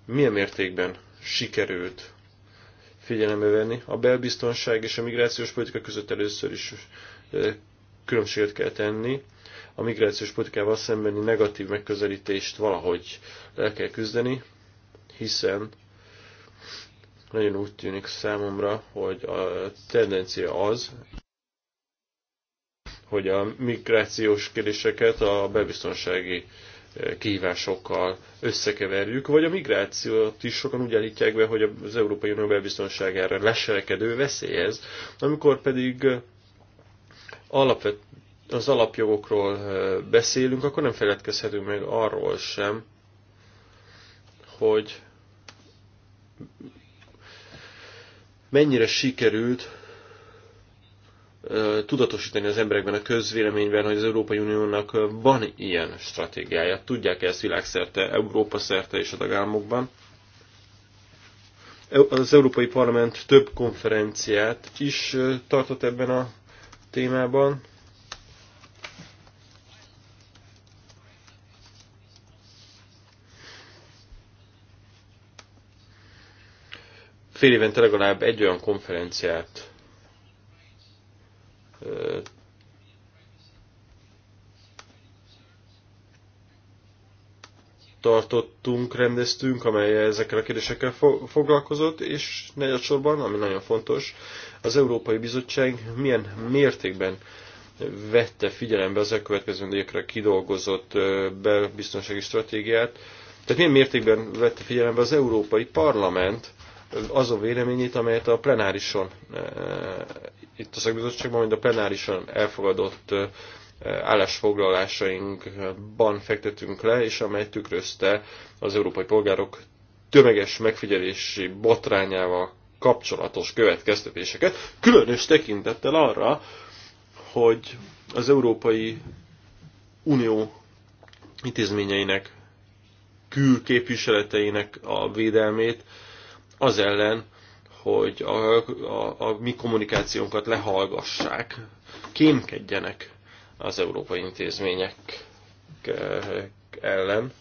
milyen mértékben sikerült figyelembe venni. A belbiztonság és a migrációs politika között először is különbséget kell tenni. A migrációs politikával szembeni negatív megközelítést valahogy el kell küzdeni, hiszen nagyon úgy tűnik számomra, hogy a tendencia az, hogy a migrációs kérdéseket a bebiztonsági eh, kihívásokkal összekeverjük, vagy a migrációt is sokan úgy állítják be, hogy az Európai Unió belbiztonságára leselkedő veszélyez, amikor pedig eh, alapvet, az alapjogokról eh, beszélünk, akkor nem feledkezhetünk meg arról sem, hogy mennyire sikerült tudatosítani az emberekben, a közvéleményben, hogy az Európai Uniónak van ilyen stratégiája. Tudják -e ezt világszerte, Európa szerte és a tagállamokban. E, az Európai Parlament több konferenciát is tartott ebben a témában. Fél évente legalább egy olyan konferenciát tartottunk, rendeztünk, amely ezekkel a kérdésekkel foglalkozott, és negyedsorban, ami nagyon fontos, az Európai Bizottság milyen mértékben vette figyelembe az elkövetkező évekre kidolgozott belbiztonsági stratégiát, tehát milyen mértékben vette figyelembe az Európai Parlament azon véleményét, amelyet a plenárison itt a szakbizottságban, mint a plenárisan elfogadott állásfoglalásainkban fektetünk le, és amely tükrözte az európai polgárok tömeges megfigyelési botrányával kapcsolatos következtetéseket, különös tekintettel arra, hogy az Európai Unió intézményeinek, külképviseleteinek a védelmét az ellen, hogy a, a, a mi kommunikációnkat lehallgassák, kémkedjenek az európai intézmények eh, ellen.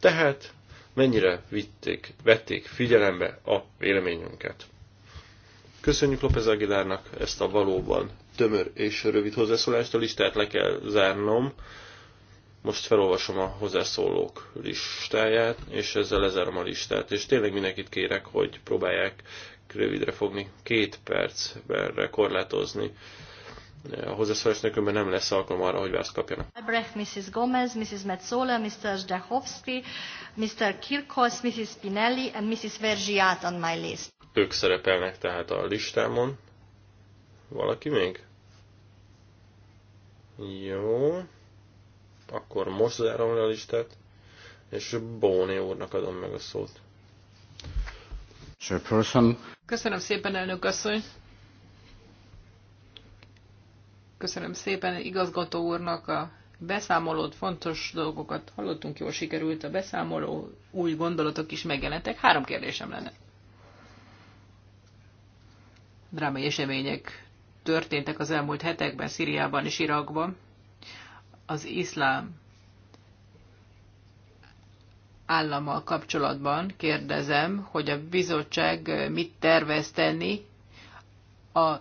Tehát mennyire vitték, vették figyelembe a véleményünket. Köszönjük López Aguilárnak ezt a valóban tömör és rövid hozzászólást, a listát le kell zárnom. Most felolvasom a hozzászólók listáját, és ezzel lezárom a listát. És tényleg mindenkit kérek, hogy próbálják rövidre fogni, két percben korlátozni. A hozzászólás nélkülben nem lesz alkalom arra, hogy választ kapjanak. Albrecht, Mrs. Gomez, Mrs. Metzola, Mr. Zdechovsky, Mr. Kirkos, Mrs. Spinelli and Mrs. Vergiat on my list. Ők szerepelnek tehát a listámon. Valaki még? Jó akkor most zárom le a listát, és Bóni úrnak adom meg a szót. Köszönöm szépen, elnök asszony! Köszönöm szépen igazgató úrnak a beszámolót, fontos dolgokat hallottunk, jól sikerült a beszámoló, új gondolatok is megjelentek. Három kérdésem lenne. Drámai események történtek az elmúlt hetekben Szíriában és Irakban az iszlám állammal kapcsolatban kérdezem, hogy a bizottság mit tervez tenni a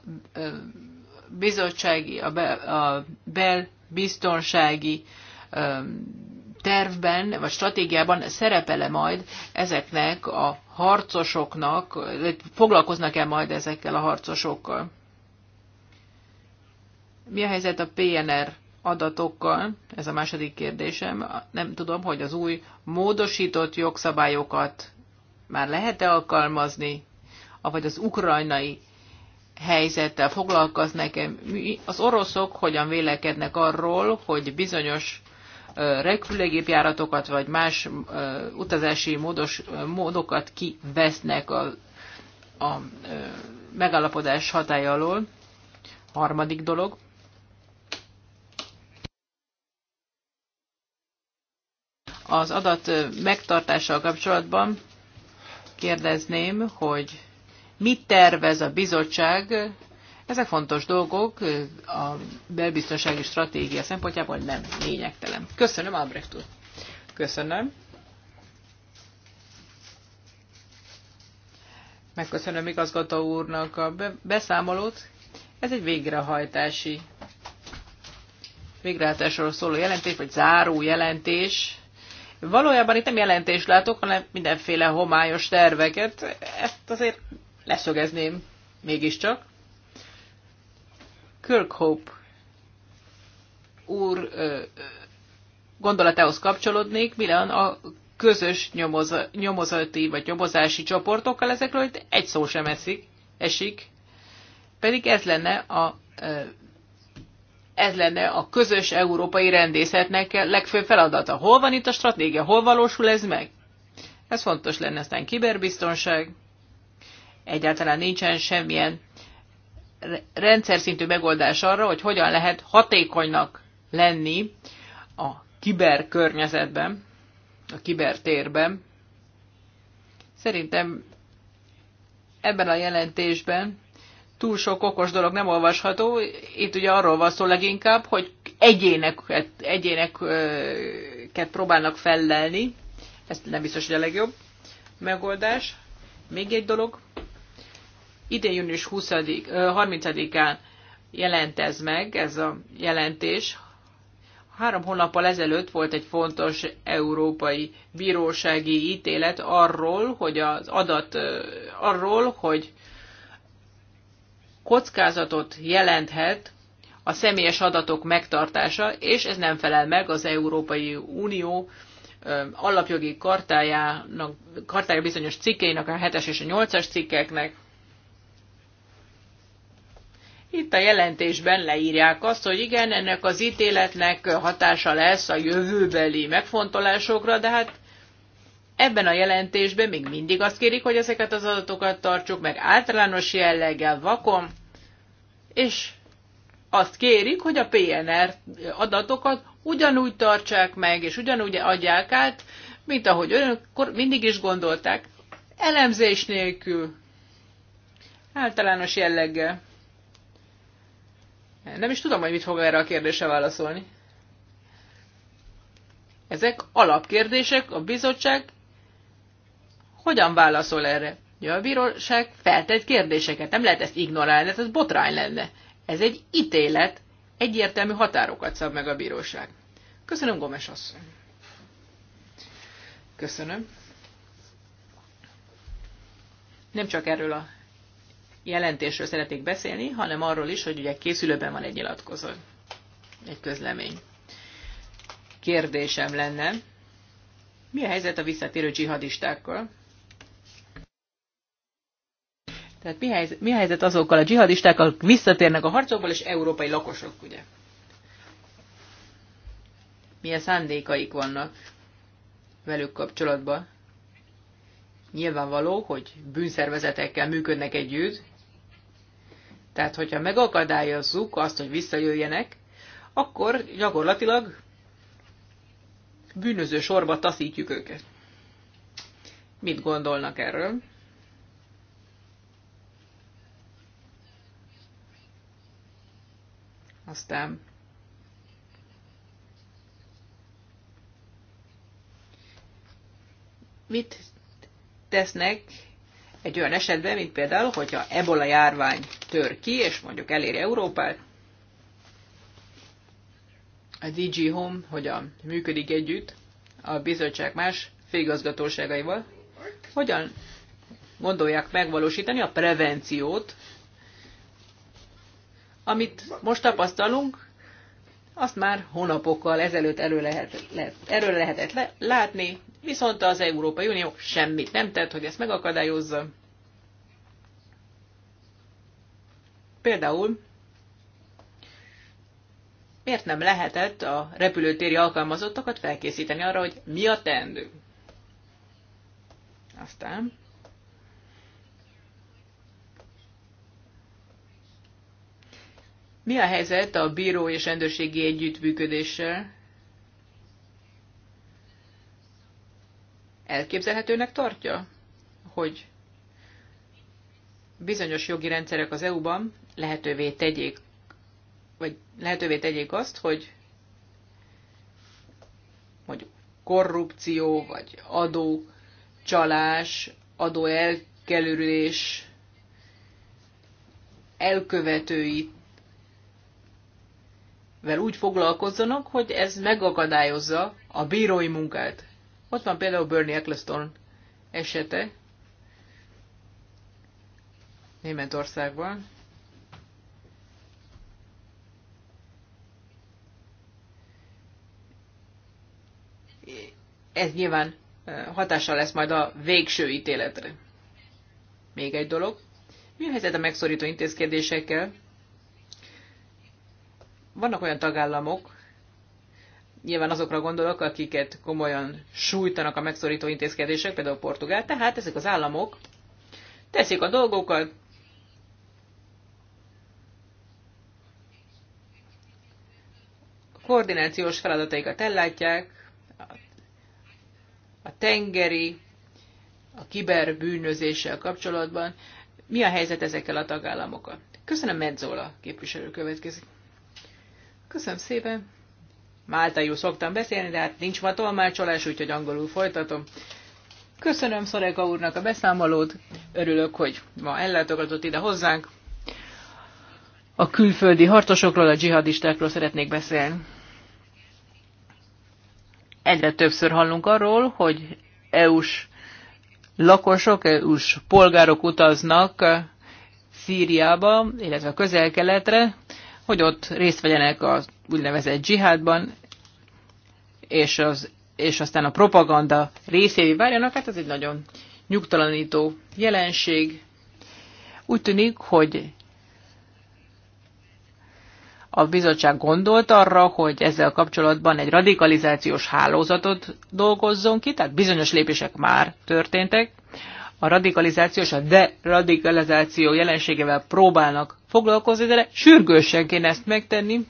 bizottsági, a, be, a belbiztonsági tervben, vagy stratégiában szerepele majd ezeknek a harcosoknak, foglalkoznak-e majd ezekkel a harcosokkal? Mi a helyzet a PNR adatokkal, ez a második kérdésem, nem tudom, hogy az új módosított jogszabályokat már lehet-e alkalmazni, avagy az ukrajnai helyzettel foglalkoznak-e. Az oroszok hogyan vélekednek arról, hogy bizonyos repülőgépjáratokat vagy más utazási módos, módokat kivesznek a, a megállapodás hatája alól. Harmadik dolog, Az adat megtartással kapcsolatban kérdezném, hogy mit tervez a bizottság? Ezek fontos dolgok, a belbiztonsági stratégia szempontjából nem lényegtelen. Köszönöm, Albrecht úr. Köszönöm. Megköszönöm igazgató úrnak a beszámolót. Ez egy végrehajtási, végrehajtásról szóló jelentés, vagy záró jelentés. Valójában itt nem jelentést látok, hanem mindenféle homályos terveket. Ezt azért leszögezném mégiscsak. Kirkhope úr gondolatához kapcsolódnék, Milan a közös nyomoz, nyomozati vagy nyomozási csoportokkal ezekről, hogy egy szó sem eszik, esik, pedig ez lenne a ez lenne a közös európai rendészetnek legfőbb feladata. Hol van itt a stratégia? Hol valósul ez meg? Ez fontos lenne aztán kiberbiztonság. Egyáltalán nincsen semmilyen rendszer szintű megoldás arra, hogy hogyan lehet hatékonynak lenni a kiberkörnyezetben, a kibertérben. Szerintem ebben a jelentésben túl sok okos dolog nem olvasható. Itt ugye arról van szó leginkább, hogy egyéneket, egyéneket próbálnak fellelni. Ez nem biztos, hogy a legjobb megoldás. Még egy dolog. Idén június 20 30-án jelent ez meg, ez a jelentés. Három hónappal ezelőtt volt egy fontos európai bírósági ítélet arról, hogy az adat, arról, hogy kockázatot jelenthet a személyes adatok megtartása, és ez nem felel meg az Európai Unió alapjogi kartájának, kartája bizonyos cikkeinek, a 7-es és a 8-as cikkeknek. Itt a jelentésben leírják azt, hogy igen, ennek az ítéletnek hatása lesz a jövőbeli megfontolásokra, de hát Ebben a jelentésben még mindig azt kérik, hogy ezeket az adatokat tartsuk meg általános jelleggel vakon, és azt kérik, hogy a PNR adatokat ugyanúgy tartsák meg, és ugyanúgy adják át, mint ahogy önök mindig is gondolták, elemzés nélkül, általános jelleggel. Nem is tudom, hogy mit fog erre a kérdésre válaszolni. Ezek alapkérdések, a bizottság hogyan válaszol erre? Ja, a bíróság feltett kérdéseket, nem lehet ezt ignorálni, hát ez botrány lenne. Ez egy ítélet, egyértelmű határokat szab meg a bíróság. Köszönöm, Gomes asszony. Köszönöm. Nem csak erről a jelentésről szeretnék beszélni, hanem arról is, hogy ugye készülőben van egy nyilatkozat, egy közlemény. Kérdésem lenne, mi a helyzet a visszatérő dzsihadistákkal? Tehát mi, helyzet, mi a helyzet azokkal a dzsihadistákkal, akik visszatérnek a harcokból, és európai lakosok, ugye? Milyen szándékaik vannak velük kapcsolatban? Nyilvánvaló, hogy bűnszervezetekkel működnek együtt, tehát, hogyha megakadályozzuk azt, hogy visszajöjjenek, akkor gyakorlatilag bűnöző sorba taszítjuk őket. Mit gondolnak erről? aztán mit tesznek egy olyan esetben, mint például, hogyha ebola járvány tör ki, és mondjuk eléri Európát, a DG Home hogyan működik együtt a bizottság más főigazgatóságaival, hogyan gondolják megvalósítani a prevenciót amit most tapasztalunk, azt már hónapokkal ezelőtt elő lehet, lehet, erről lehetett le, látni, viszont az Európai Unió semmit nem tett, hogy ezt megakadályozza. Például miért nem lehetett a repülőtéri alkalmazottakat felkészíteni arra, hogy mi a teendő? Aztán Mi a helyzet a bíró és rendőrségi együttműködéssel? Elképzelhetőnek tartja, hogy bizonyos jogi rendszerek az EU-ban lehetővé tegyék, vagy lehetővé tegyék azt, hogy mondjuk korrupció, vagy adó csalás, adó elkerülés elkövetőit vel úgy foglalkozzanak, hogy ez megakadályozza a bírói munkát. Ott van például Bernie Eccleston esete Németországban. Ez nyilván hatással lesz majd a végső ítéletre. Még egy dolog. Mi a helyzet a megszorító intézkedésekkel? vannak olyan tagállamok, nyilván azokra gondolok, akiket komolyan sújtanak a megszorító intézkedések, például Portugál, tehát ezek az államok teszik a dolgokat, koordinációs feladataikat ellátják, a tengeri, a kiberbűnözéssel kapcsolatban. Mi a helyzet ezekkel a tagállamokkal? Köszönöm, Medzola képviselő következik. Köszönöm szépen. Máltaiul szoktam beszélni, de hát nincs ma tolmácsolás, úgyhogy angolul folytatom. Köszönöm Szoreka úrnak a beszámolót, örülök, hogy ma ellátogatott ide hozzánk. A külföldi harcosokról, a dzsihadistákról szeretnék beszélni. Egyre többször hallunk arról, hogy EU-s lakosok, EU-s polgárok utaznak Szíriába, illetve a közel-keletre, hogy ott részt vegyenek az úgynevezett dzsihádban, és, az, és aztán a propaganda részévé várjanak, hát ez egy nagyon nyugtalanító jelenség. Úgy tűnik, hogy a bizottság gondolt arra, hogy ezzel kapcsolatban egy radikalizációs hálózatot dolgozzon ki, tehát bizonyos lépések már történtek, a radikalizáció és a deradikalizáció jelenségevel próbálnak foglalkozni, de sürgősen kéne ezt megtenni.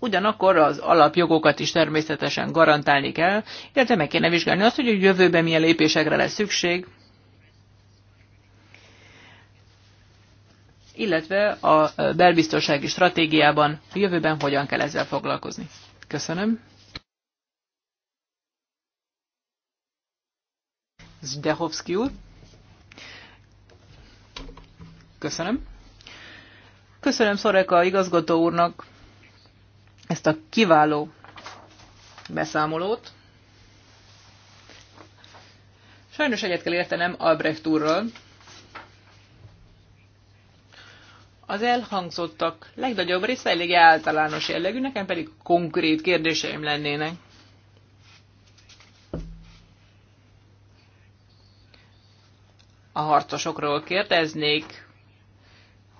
Ugyanakkor az alapjogokat is természetesen garantálni kell, illetve meg kéne vizsgálni azt, hogy a jövőben milyen lépésekre lesz szükség, illetve a belbiztonsági stratégiában a jövőben hogyan kell ezzel foglalkozni. Köszönöm. Zdehovszki úr. Köszönöm. Köszönöm Szoreka igazgató úrnak ezt a kiváló beszámolót. Sajnos egyet kell értenem Albrecht úrral. Az elhangzottak legnagyobb része elég általános jellegű, nekem pedig konkrét kérdéseim lennének. a harcosokról kérdeznék,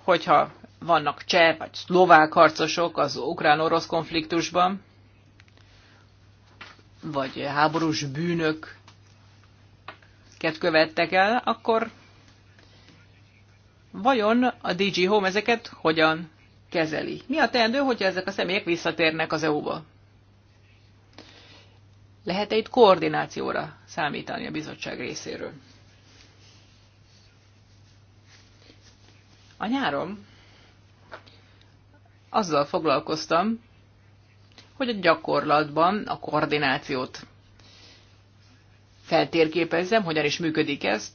hogyha vannak cseh vagy szlovák harcosok az ukrán-orosz konfliktusban, vagy háborús bűnöket követtek el, akkor vajon a DG Home ezeket hogyan kezeli? Mi a teendő, hogyha ezek a személyek visszatérnek az EU-ba? Lehet-e itt koordinációra számítani a bizottság részéről? A nyárom, azzal foglalkoztam, hogy a gyakorlatban a koordinációt feltérképezzem, hogyan is működik ez.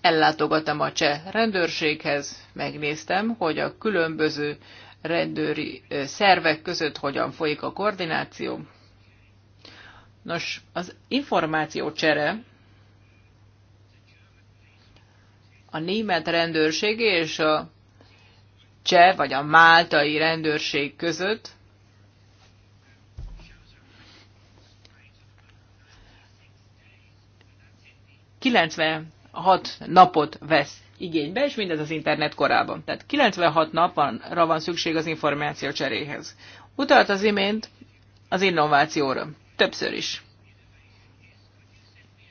Ellátogattam a cseh rendőrséghez, megnéztem, hogy a különböző rendőri szervek között hogyan folyik a koordináció. Nos, az információ csere a német rendőrség és a cseh vagy a máltai rendőrség között. kilencven hat napot vesz igénybe, és mindez az internet korában. Tehát 96 napra van szükség az információ cseréhez. Utalt az imént az innovációra. Többször is.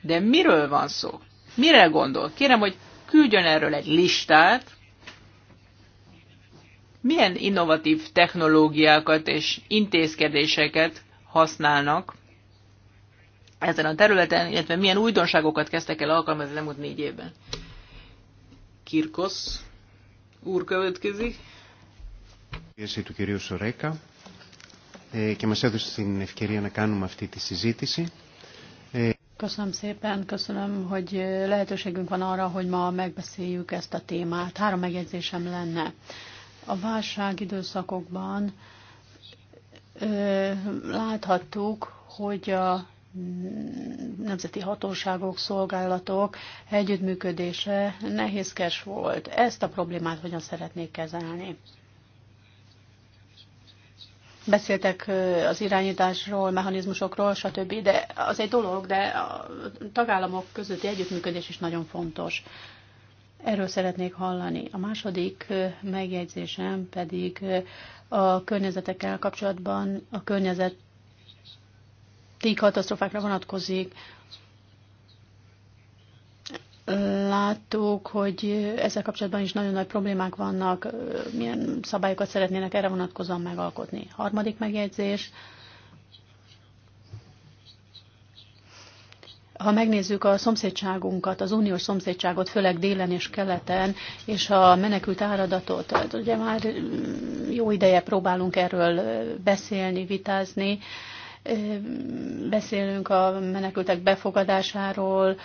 De miről van szó? Mire gondol? Kérem, hogy küldjön erről egy listát, milyen innovatív technológiákat és intézkedéseket használnak ezen a területen, illetve milyen újdonságokat kezdtek el alkalmazni az elmúlt négy évben. Kirkosz úr következik. Köszönöm, του κυρίου Σορέκα και μας έδωσε την a να Köszönöm szépen, köszönöm, hogy lehetőségünk van arra, hogy ma megbeszéljük ezt a témát. Három megjegyzésem lenne. A válság időszakokban ö, láthattuk, hogy a nemzeti hatóságok, szolgálatok együttműködése nehézkes volt. Ezt a problémát hogyan szeretnék kezelni? Beszéltek az irányításról, mechanizmusokról, stb., de az egy dolog, de a tagállamok közötti együttműködés is nagyon fontos. Erről szeretnék hallani. A második megjegyzésem pedig a környezetekkel kapcsolatban a környezeti katasztrofákra vonatkozik. Láttuk, hogy ezzel kapcsolatban is nagyon nagy problémák vannak, milyen szabályokat szeretnének erre vonatkozóan megalkotni. Harmadik megjegyzés. Ha megnézzük a szomszédságunkat, az uniós szomszédságot, főleg délen és keleten, és a menekült áradatot, hát ugye már jó ideje próbálunk erről beszélni, vitázni, beszélünk a menekültek befogadásáról,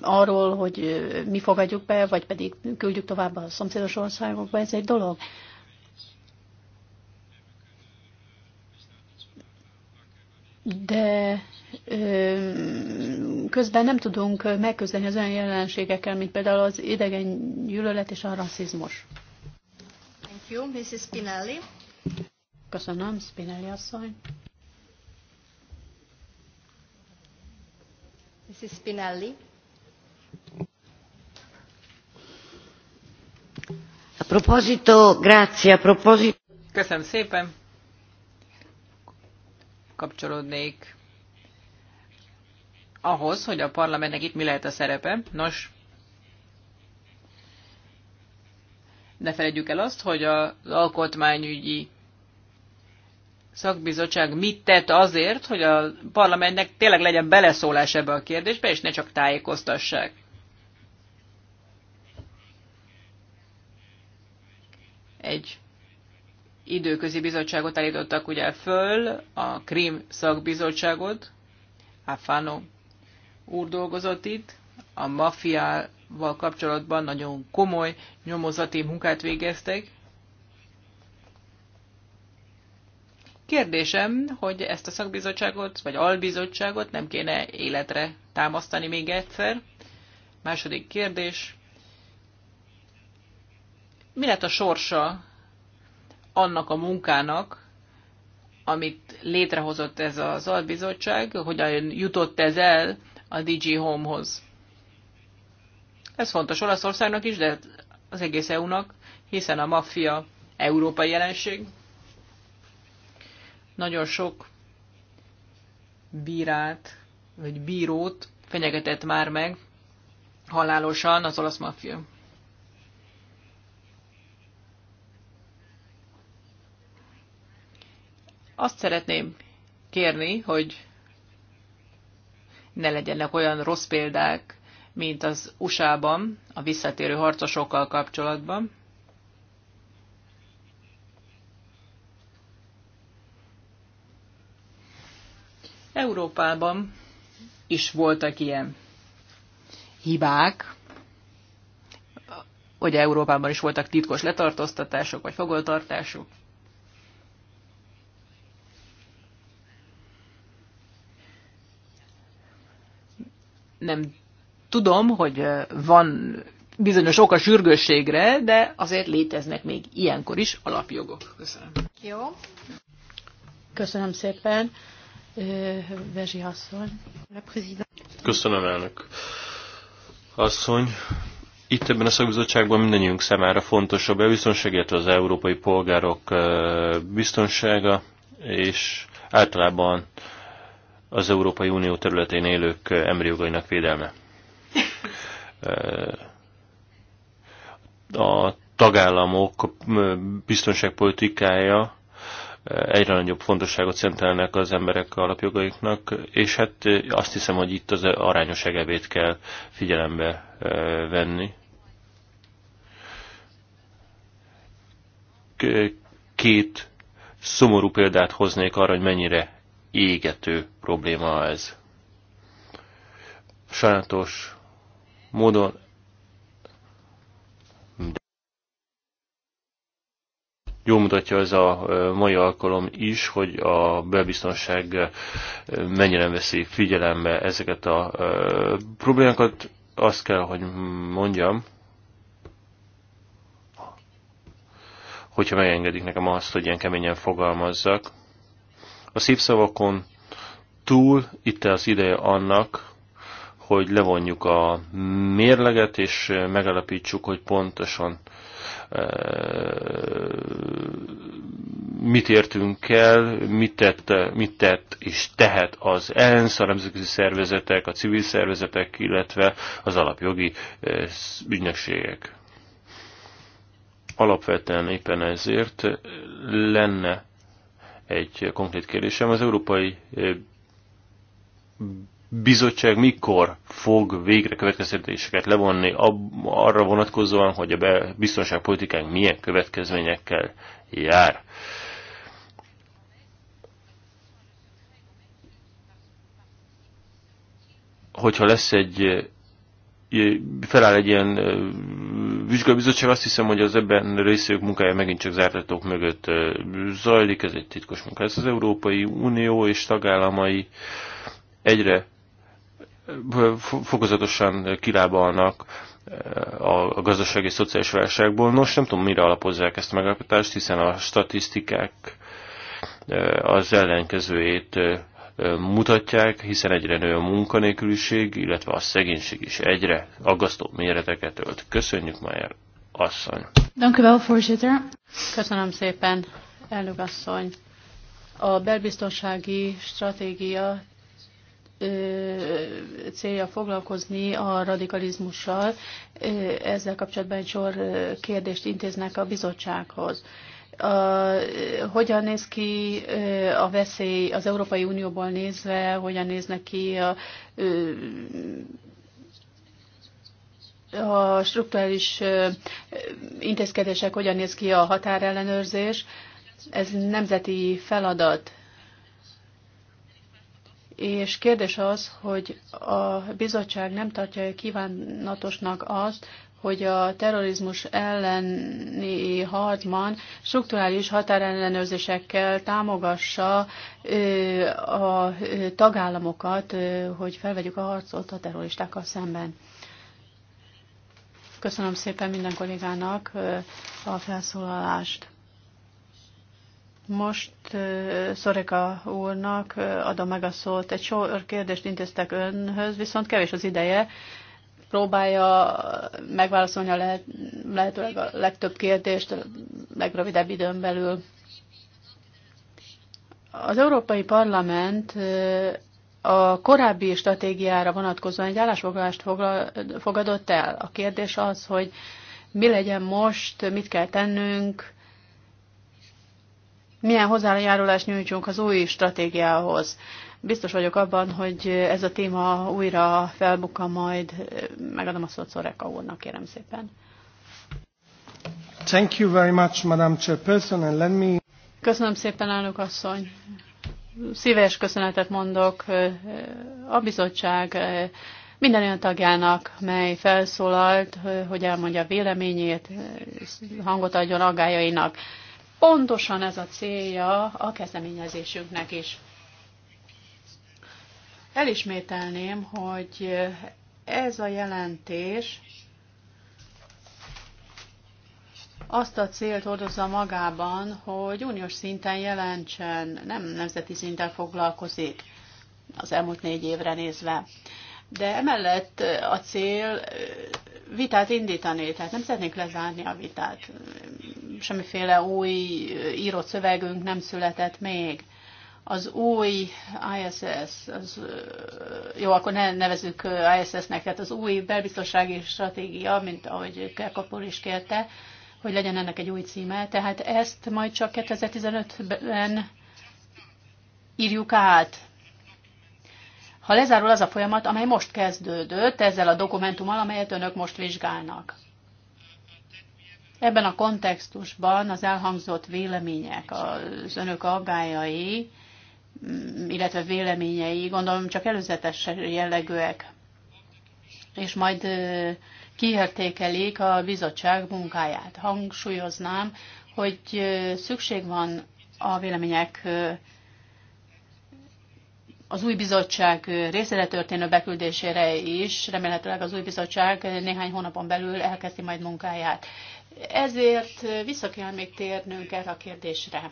arról, hogy mi fogadjuk be, vagy pedig küldjük tovább a szomszédos országokba, ez egy dolog. De közben nem tudunk megküzdeni az olyan jelenségekkel, mint például az idegen gyűlölet és a rasszizmus. Thank you, Mrs. Pinelli. Köszönöm, Spinelli asszony. Mrs. Spinelli. A proposito, grazie, a proposito. Köszönöm szépen. Kapcsolódnék ahhoz, hogy a parlamentnek itt mi lehet a szerepe. Nos, ne felejtjük el azt, hogy az alkotmányügyi szakbizottság mit tett azért, hogy a parlamentnek tényleg legyen beleszólás ebbe a kérdésbe, és ne csak tájékoztassák. Egy időközi bizottságot állítottak ugye föl, a krim szakbizottságot, Áfánó úr dolgozott itt, a mafiával kapcsolatban nagyon komoly nyomozati munkát végeztek, Kérdésem, hogy ezt a szakbizottságot, vagy albizottságot nem kéne életre támasztani még egyszer. Második kérdés. Mi lett a sorsa annak a munkának, amit létrehozott ez az albizottság, hogyan jutott ez el a DG Homehoz? Ez fontos Olaszországnak is, de az egész EU-nak, hiszen a maffia európai jelenség nagyon sok bírát, vagy bírót fenyegetett már meg halálosan az olasz maffia. Azt szeretném kérni, hogy ne legyenek olyan rossz példák, mint az USA-ban a visszatérő harcosokkal kapcsolatban. Európában is voltak ilyen hibák, hogy Európában is voltak titkos letartóztatások vagy fogoltartások. Nem tudom, hogy van bizonyos ok a sürgősségre, de azért léteznek még ilyenkor is alapjogok. Köszönöm. Jó. Köszönöm szépen. Vezsi asszony. Köszönöm, elnök asszony. Itt ebben a szakbizottságban mindannyiunk számára fontos a biztonság, illetve az európai polgárok biztonsága, és általában az Európai Unió területén élők emberi jogainak védelme. A tagállamok biztonságpolitikája egyre nagyobb fontosságot szentelnek az emberek alapjogaiknak, és hát azt hiszem, hogy itt az arányos egevét kell figyelembe venni. Két szomorú példát hoznék arra, hogy mennyire égető probléma ez. Sajnálatos módon Jó mutatja ez a mai alkalom is, hogy a belbiztonság mennyire veszi figyelembe ezeket a problémákat. Azt kell, hogy mondjam, hogyha megengedik nekem azt, hogy ilyen keményen fogalmazzak. A szép szavakon túl itt az ideje annak, hogy levonjuk a mérleget, és megalapítsuk, hogy pontosan mit értünk el, mit tett, mit tett és tehet az ENSZ, a nemzetközi szervezetek, a civil szervezetek, illetve az alapjogi ügynökségek. Alapvetően éppen ezért lenne egy konkrét kérdésem. Az Európai bizottság mikor fog végre következtetéseket levonni arra vonatkozóan, hogy a biztonságpolitikánk milyen következményekkel jár. Hogyha lesz egy feláll egy ilyen vizsgálóbizottság, azt hiszem, hogy az ebben részők munkája megint csak zártatók mögött zajlik, ez egy titkos munka. Ez az Európai Unió és tagállamai egyre fokozatosan kilábalnak eh, a gazdasági és szociális válságból. Nos, nem tudom, mire alapozzák ezt a megállapítást, hiszen a statisztikák eh, az ellenkezőjét eh, mutatják, hiszen egyre nő a munkanélküliség, illetve a szegénység is egyre aggasztóbb méreteket ölt. Köszönjük, Mayer asszony! Köszönöm szépen, elnök asszony! A belbiztonsági stratégia célja foglalkozni a radikalizmussal. Ezzel kapcsolatban egy sor kérdést intéznek a bizottsághoz. A, hogyan néz ki a veszély az Európai Unióból nézve, hogyan néznek ki a, a strukturális intézkedések, hogyan néz ki a határellenőrzés. Ez nemzeti feladat és kérdés az, hogy a bizottság nem tartja kívánatosnak azt, hogy a terrorizmus elleni harcban strukturális határellenőrzésekkel támogassa a tagállamokat, hogy felvegyük a harcot a terroristákkal szemben. Köszönöm szépen minden kollégának a felszólalást. Most Szoreka úrnak adom meg a szót. Egy sor kérdést intéztek önhöz, viszont kevés az ideje. Próbálja megválaszolni a lehet, lehetőleg a legtöbb kérdést a legrövidebb időn belül. Az Európai Parlament a korábbi stratégiára vonatkozóan egy állásfoglalást fogadott el. A kérdés az, hogy mi legyen most, mit kell tennünk, milyen hozzájárulást nyújtsunk az új stratégiához. Biztos vagyok abban, hogy ez a téma újra felbuka majd. Megadom a szót Szoreka úrnak, kérem szépen. Thank you very much, Madam Chairperson, and let me... Köszönöm szépen, elnök asszony. Szíves köszönetet mondok eh, a bizottság eh, minden olyan tagjának, mely felszólalt, eh, hogy elmondja véleményét, hangot adjon aggájainak. Pontosan ez a célja a kezdeményezésünknek is. Elismételném, hogy ez a jelentés azt a célt hordozza magában, hogy uniós szinten jelentsen, nem nemzeti szinten foglalkozik az elmúlt négy évre nézve. De emellett a cél vitát indítani, tehát nem szeretnék lezárni a vitát semmiféle új írott szövegünk nem született még. Az új ISS, az, jó, akkor ne nevezzük ISS-nek, tehát az új belbiztonsági stratégia, mint ahogy Kerkapul is kérte, hogy legyen ennek egy új címe. Tehát ezt majd csak 2015-ben írjuk át. Ha lezárul az a folyamat, amely most kezdődött ezzel a dokumentummal, amelyet önök most vizsgálnak. Ebben a kontextusban az elhangzott vélemények, az önök aggájai, mm, illetve véleményei, gondolom csak előzetes jellegűek, és majd kiértékelik a bizottság munkáját. Hangsúlyoznám, hogy szükség van a vélemények az új bizottság részére történő beküldésére is, remélhetőleg az új bizottság néhány hónapon belül elkezdi majd munkáját. Ezért vissza kell még térnünk erre a kérdésre.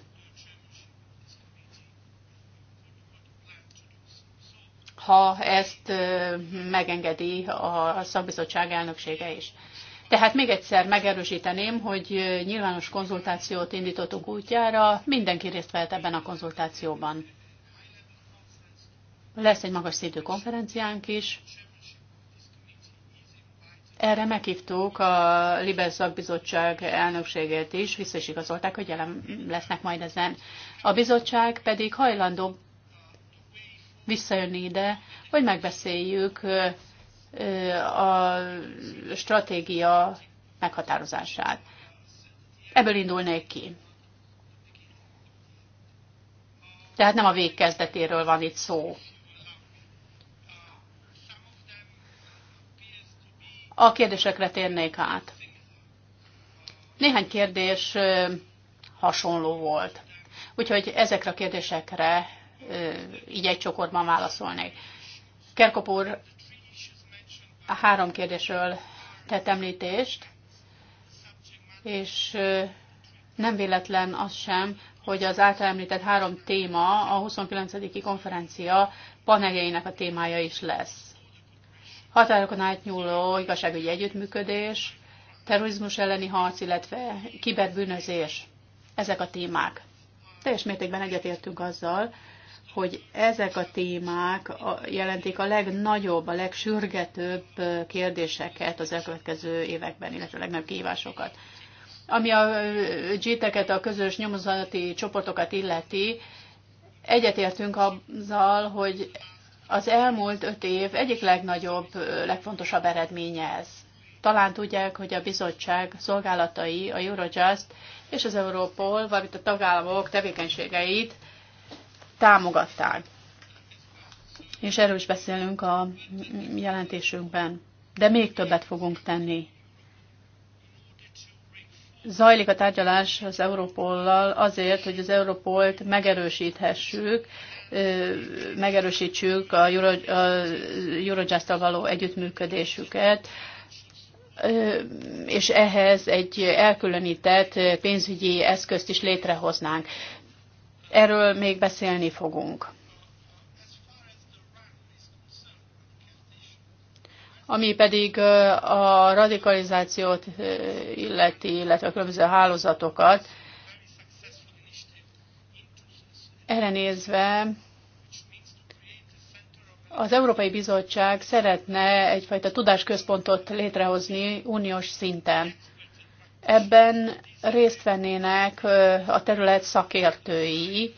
ha ezt megengedi a szakbizottság elnöksége is. Tehát még egyszer megerősíteném, hogy nyilvános konzultációt indítottunk útjára, mindenki részt vehet ebben a konzultációban. Lesz egy magas szintű konferenciánk is, erre meghívtuk a Libes szakbizottság elnökségét is, vissza is igazolták, hogy jelen lesznek majd ezen. A bizottság pedig hajlandó visszajönni ide, hogy megbeszéljük a stratégia meghatározását. Ebből indulnék ki. Tehát nem a végkezdetéről van itt szó. A kérdésekre térnék át. Néhány kérdés hasonló volt. Úgyhogy ezekre a kérdésekre így egy csokorban válaszolnék. Kerkop úr a három kérdésről tett említést, és nem véletlen az sem, hogy az által említett három téma a 29. konferencia paneljeinek a témája is lesz határokon átnyúló igazságügyi együttműködés, terrorizmus elleni harc, illetve kiberbűnözés. Ezek a témák. Teljes mértékben egyetértünk azzal, hogy ezek a témák jelentik a legnagyobb, a legsürgetőbb kérdéseket az elkövetkező években, illetve a legnagyobb kívásokat. Ami a GIT-eket, a közös nyomozati csoportokat illeti, egyetértünk azzal, hogy az elmúlt öt év egyik legnagyobb, legfontosabb eredménye ez. Talán tudják, hogy a bizottság szolgálatai, a Eurojust és az Europol, valamint a tagállamok tevékenységeit támogatták. És erről is beszélünk a jelentésünkben. De még többet fogunk tenni. Zajlik a tárgyalás az Europollal azért, hogy az Europolt megerősíthessük, megerősítsük a, eurojust való együttműködésüket, és ehhez egy elkülönített pénzügyi eszközt is létrehoznánk. Erről még beszélni fogunk. Ami pedig a radikalizációt illeti, illetve a különböző hálózatokat, nézve az Európai Bizottság szeretne egyfajta tudásközpontot létrehozni uniós szinten. Ebben részt vennének a terület szakértői,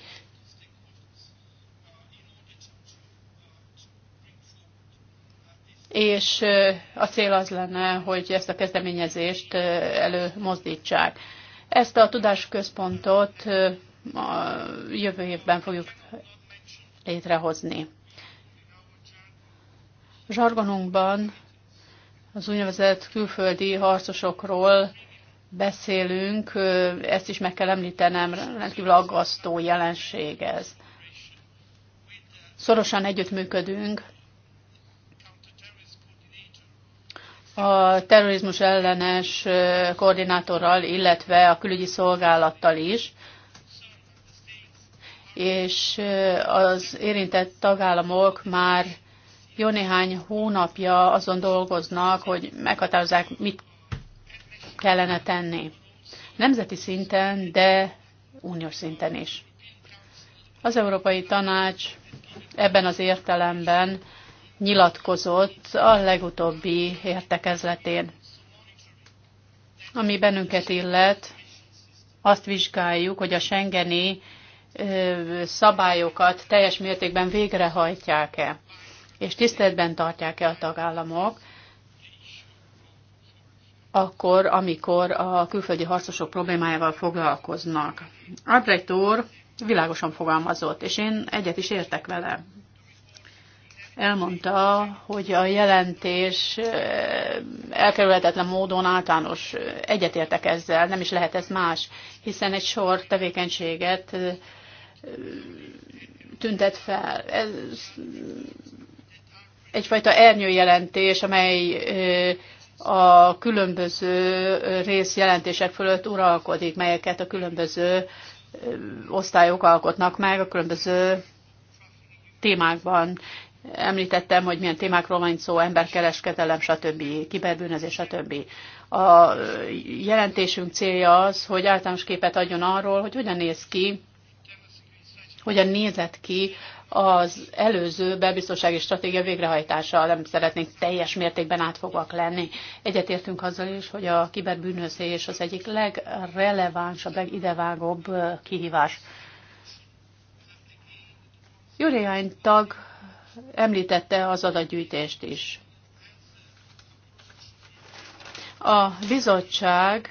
és a cél az lenne, hogy ezt a kezdeményezést előmozdítsák. Ezt a tudásközpontot a jövő évben fogjuk létrehozni. zsargonunkban az úgynevezett külföldi harcosokról beszélünk, ezt is meg kell említenem, rendkívül aggasztó jelenség ez. Szorosan együttműködünk a terrorizmus ellenes koordinátorral, illetve a külügyi szolgálattal is, és az érintett tagállamok már jó néhány hónapja azon dolgoznak, hogy meghatározzák, mit kellene tenni. Nemzeti szinten, de uniós szinten is. Az Európai Tanács ebben az értelemben nyilatkozott a legutóbbi értekezletén. Ami bennünket illet, azt vizsgáljuk, hogy a Schengeni szabályokat teljes mértékben végrehajtják-e, és tiszteletben tartják-e a tagállamok, akkor, amikor a külföldi harcosok problémájával foglalkoznak. Albrecht úr világosan fogalmazott, és én egyet is értek vele. Elmondta, hogy a jelentés elkerülhetetlen módon általános egyetértek ezzel, nem is lehet ez más, hiszen egy sor tevékenységet tüntet fel. Ez egyfajta ernyőjelentés, amely a különböző részjelentések fölött uralkodik, melyeket a különböző osztályok alkotnak meg a különböző témákban. Említettem, hogy milyen témákról van szó, emberkereskedelem, stb., kiberbűnözés, stb. A jelentésünk célja az, hogy általános képet adjon arról, hogy hogyan néz ki hogyan nézett ki az előző belbiztonsági stratégia végrehajtása, nem szeretnénk teljes mértékben átfogóak lenni. Egyetértünk azzal is, hogy a kiberbűnözés az egyik legrelevánsabb, legidevágóbb kihívás. Júriány tag említette az adatgyűjtést is. A bizottság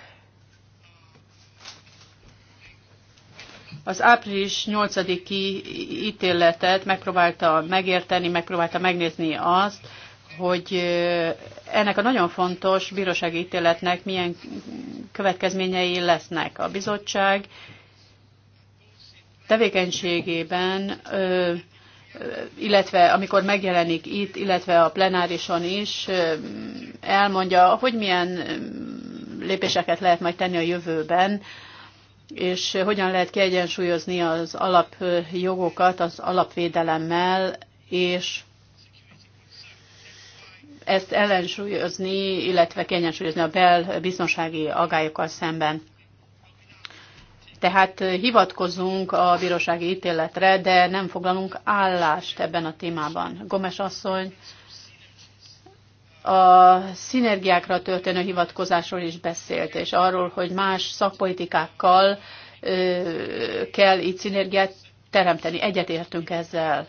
Az április 8-i ítéletet megpróbálta megérteni, megpróbálta megnézni azt, hogy ennek a nagyon fontos bírósági ítéletnek milyen következményei lesznek. A bizottság tevékenységében, illetve amikor megjelenik itt, illetve a plenárison is, elmondja, hogy milyen lépéseket lehet majd tenni a jövőben és eh, hogyan lehet kiegyensúlyozni az alapjogokat az alapvédelemmel, és ezt ellensúlyozni, illetve kiegyensúlyozni a belbiztonsági agályokkal szemben. Tehát eh, hivatkozunk a bírósági ítéletre, de nem foglalunk állást ebben a témában. Gomes asszony a szinergiákra történő hivatkozásról is beszélt, és arról, hogy más szakpolitikákkal kell itt szinergiát teremteni. Egyetértünk ezzel.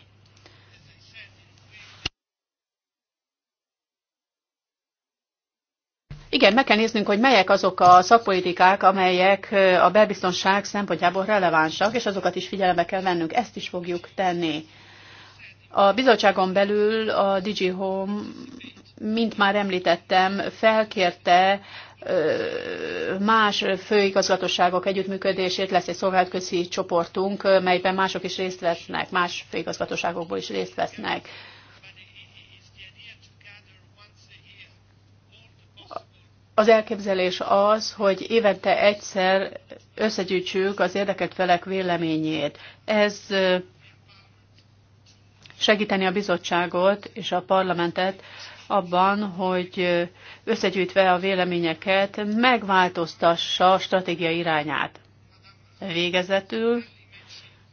Igen, meg kell néznünk, hogy melyek azok a szakpolitikák, amelyek a belbiztonság szempontjából relevánsak, és azokat is figyelembe kell vennünk. Ezt is fogjuk tenni. A bizottságon belül a DigiHome mint már említettem, felkérte más főigazgatóságok együttműködését, lesz egy szolgáltközi csoportunk, melyben mások is részt vesznek, más főigazgatóságokból is részt vesznek. Az elképzelés az, hogy évente egyszer összegyűjtsük az érdekelt felek véleményét. Ez segíteni a bizottságot és a parlamentet abban, hogy összegyűjtve a véleményeket megváltoztassa a stratégia irányát. Végezetül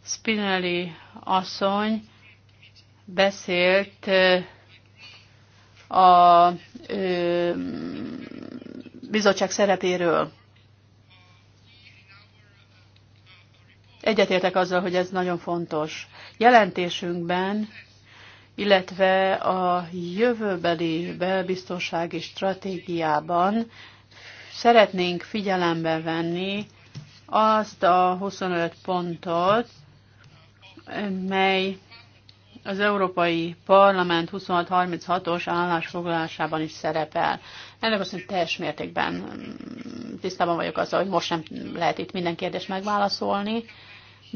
Spinelli asszony beszélt a ö, bizottság szerepéről. Egyetértek azzal, hogy ez nagyon fontos. Jelentésünkben illetve a jövőbeli belbiztonsági stratégiában szeretnénk figyelembe venni azt a 25 pontot, mely az Európai Parlament 2636-os állásfoglalásában is szerepel. Ennek azt mondja, teljes mértékben mm, tisztában vagyok azzal, hogy most nem lehet itt minden kérdést megválaszolni,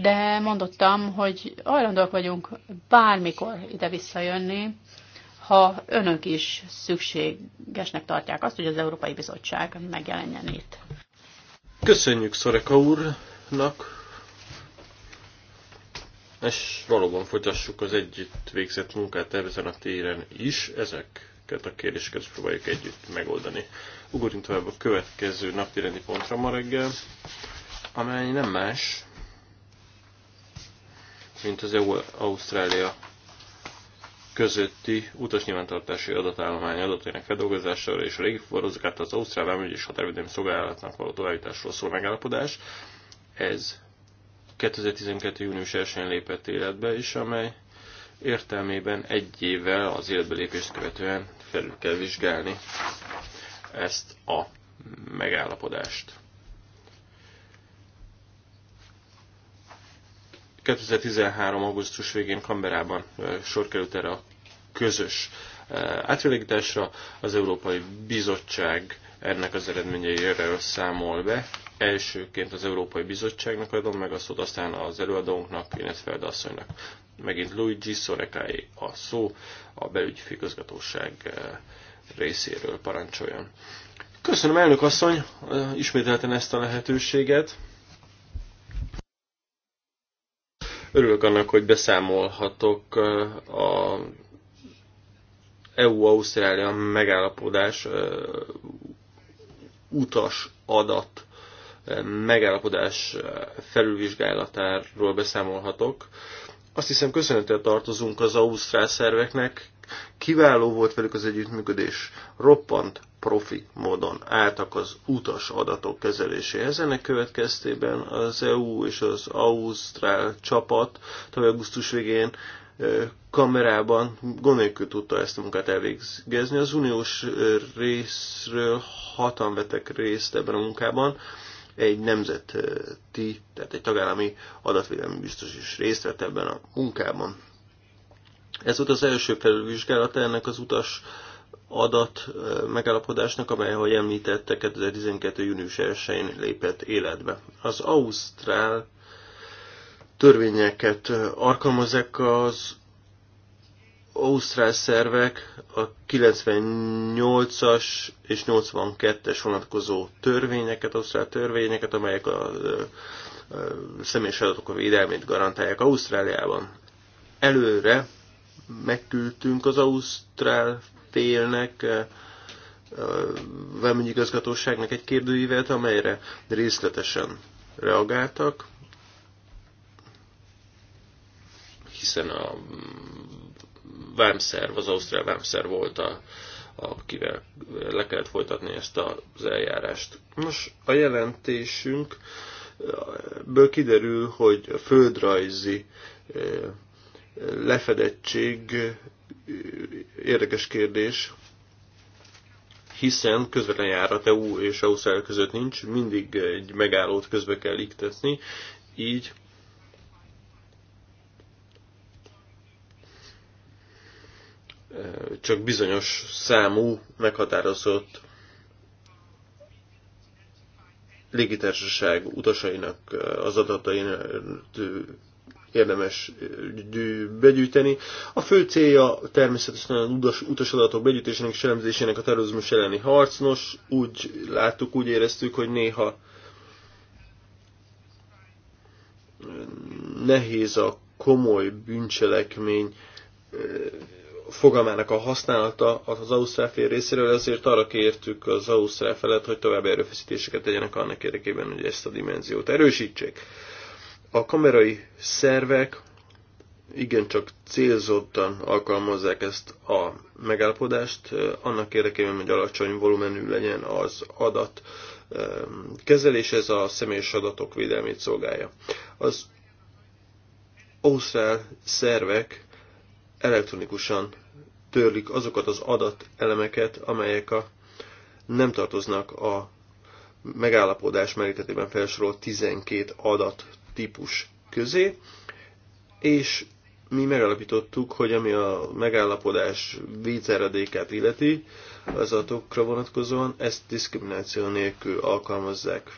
de mondottam, hogy hajlandóak vagyunk bármikor ide visszajönni, ha önök is szükségesnek tartják azt, hogy az Európai Bizottság megjelenjen itt. Köszönjük Szoreka úrnak, és valóban folytassuk az együtt végzett munkát ezen a téren is. Ezeket a kérdéseket próbáljuk együtt megoldani. Ugorjunk tovább a következő napi rendi pontra ma reggel, amely nem más, mint az EU-Ausztrália közötti utasnyilvántartási adatállomány adatainak feldolgozására és a régi által az Ausztrál Vámügy és Határvédelmi Szolgálatnak való továbbításról szól megállapodás. Ez 2012. június 1-én lépett életbe, is, amely értelmében egy évvel az lépést követően felül kell vizsgálni ezt a megállapodást. 2013. augusztus végén Kamberában sor került erre a közös átvilágításra. Az Európai Bizottság ennek az eredményeire számol be. Elsőként az Európai Bizottságnak adom meg a szót, aztán az előadónknak, illetve asszonynak. Megint Luigi Sorekai a szó, a belügyi belügyfőigazgatóság részéről parancsoljon. Köszönöm elnök asszony ismételten ezt a lehetőséget. Örülök annak, hogy beszámolhatok eh, a EU-Ausztrália megállapodás eh, utas adat eh, megállapodás felülvizsgálatáról beszámolhatok. Azt hiszem köszönetet tartozunk az ausztrál szerveknek, Kiváló volt velük az együttműködés, roppant profi módon álltak az utas adatok kezeléséhez. Ennek következtében az EU és az Ausztrál csapat tavaly augusztus végén kamerában gond tudta ezt a munkát elvégezni. Az uniós részről hatan vettek részt ebben a munkában, egy nemzeti, tehát egy tagállami adatvédelmi biztos is részt vett ebben a munkában. Ez volt az első felülvizsgálata ennek az utas adat megállapodásnak, amely, ahogy említette, 2012. június 1-én lépett életbe. Az Ausztrál törvényeket alkalmazzák az ausztrál szervek a 98-as és 82-es vonatkozó törvényeket, ausztrál törvényeket, amelyek a, a, a személyes adatok a védelmét garantálják Ausztráliában. Előre megküldtünk az Ausztrál félnek, igazgatóságnak egy kérdőívet, amelyre részletesen reagáltak, hiszen a vámszerv, az Ausztrál vámszer volt a, akivel le kellett folytatni ezt az eljárást. Nos, a jelentésünkből kiderül, hogy a földrajzi lefedettség érdekes kérdés, hiszen közvetlen járat EU és Ausztrália e között nincs, mindig egy megállót közbe kell iktetni, így csak bizonyos számú meghatározott légitársaság utasainak az adatain érdemes begyűjteni. A fő célja természetesen az utas, utasadatok begyűjtésének és elemzésének a terrorizmus elleni harcnos. Úgy láttuk, úgy éreztük, hogy néha nehéz a komoly bűncselekmény fogalmának a használata az Ausztrál fél részéről, ezért arra kértük az Ausztrál felett, hogy további erőfeszítéseket tegyenek annak érdekében, hogy ezt a dimenziót erősítsék. A kamerai szervek igencsak célzottan alkalmazzák ezt a megállapodást, annak érdekében, hogy alacsony volumenű legyen az adat kezelés, ez a személyes adatok védelmét szolgálja. Az ausztrál szervek elektronikusan törlik azokat az adatelemeket, amelyek a, nem tartoznak a megállapodás merítetében felsorolt 12 adat típus közé, és mi megalapítottuk, hogy ami a megállapodás vízeredékát illeti, az adatokra vonatkozóan ezt diszkrimináció nélkül alkalmazzák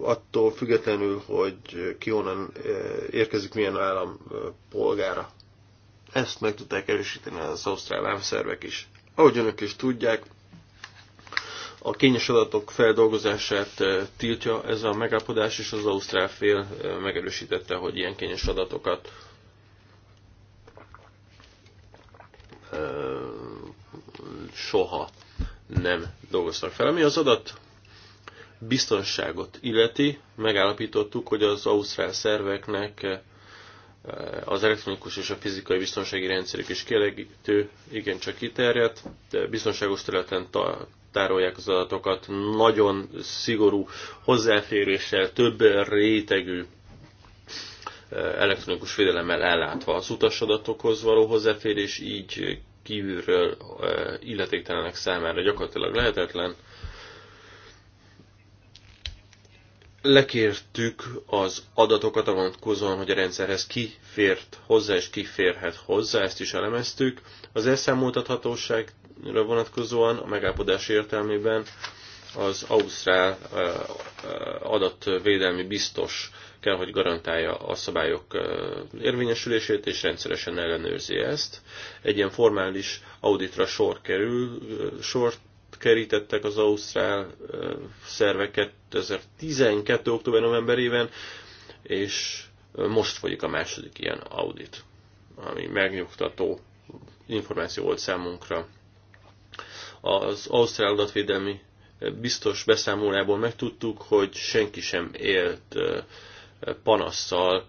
attól függetlenül, hogy ki honnan érkezik, milyen állam polgára. Ezt meg tudták erősíteni az ausztrál szervek is. Ahogy önök is tudják, a kényes adatok feldolgozását eh, tiltja ez a megállapodás, és az Ausztrál fél eh, megerősítette, hogy ilyen kényes adatokat eh, soha nem dolgoztak fel. Ami az adat biztonságot illeti, megállapítottuk, hogy az ausztrál szerveknek az elektronikus és a fizikai biztonsági rendszerük is kielégítő, igencsak kiterjedt, de biztonságos területen tárolják az adatokat, nagyon szigorú hozzáféréssel, több rétegű eh, elektronikus védelemmel ellátva az utas adatokhoz való hozzáférés, így kívülről eh, illetéktelenek számára gyakorlatilag lehetetlen. Lekértük az adatokat a vonatkozóan, hogy a rendszerhez ki fért hozzá és ki férhet hozzá, ezt is elemeztük. Az elszámoltathatóság vonatkozóan a megállapodás értelmében az Ausztrál adatvédelmi biztos kell, hogy garantálja a szabályok érvényesülését, és rendszeresen ellenőrzi ezt. Egy ilyen formális auditra sor kerül, sort kerítettek az ausztrál szervek 2012. október-novemberében, és most folyik a második ilyen audit, ami megnyugtató információ volt számunkra az Ausztrál adatvédelmi biztos beszámolából megtudtuk, hogy senki sem élt panasszal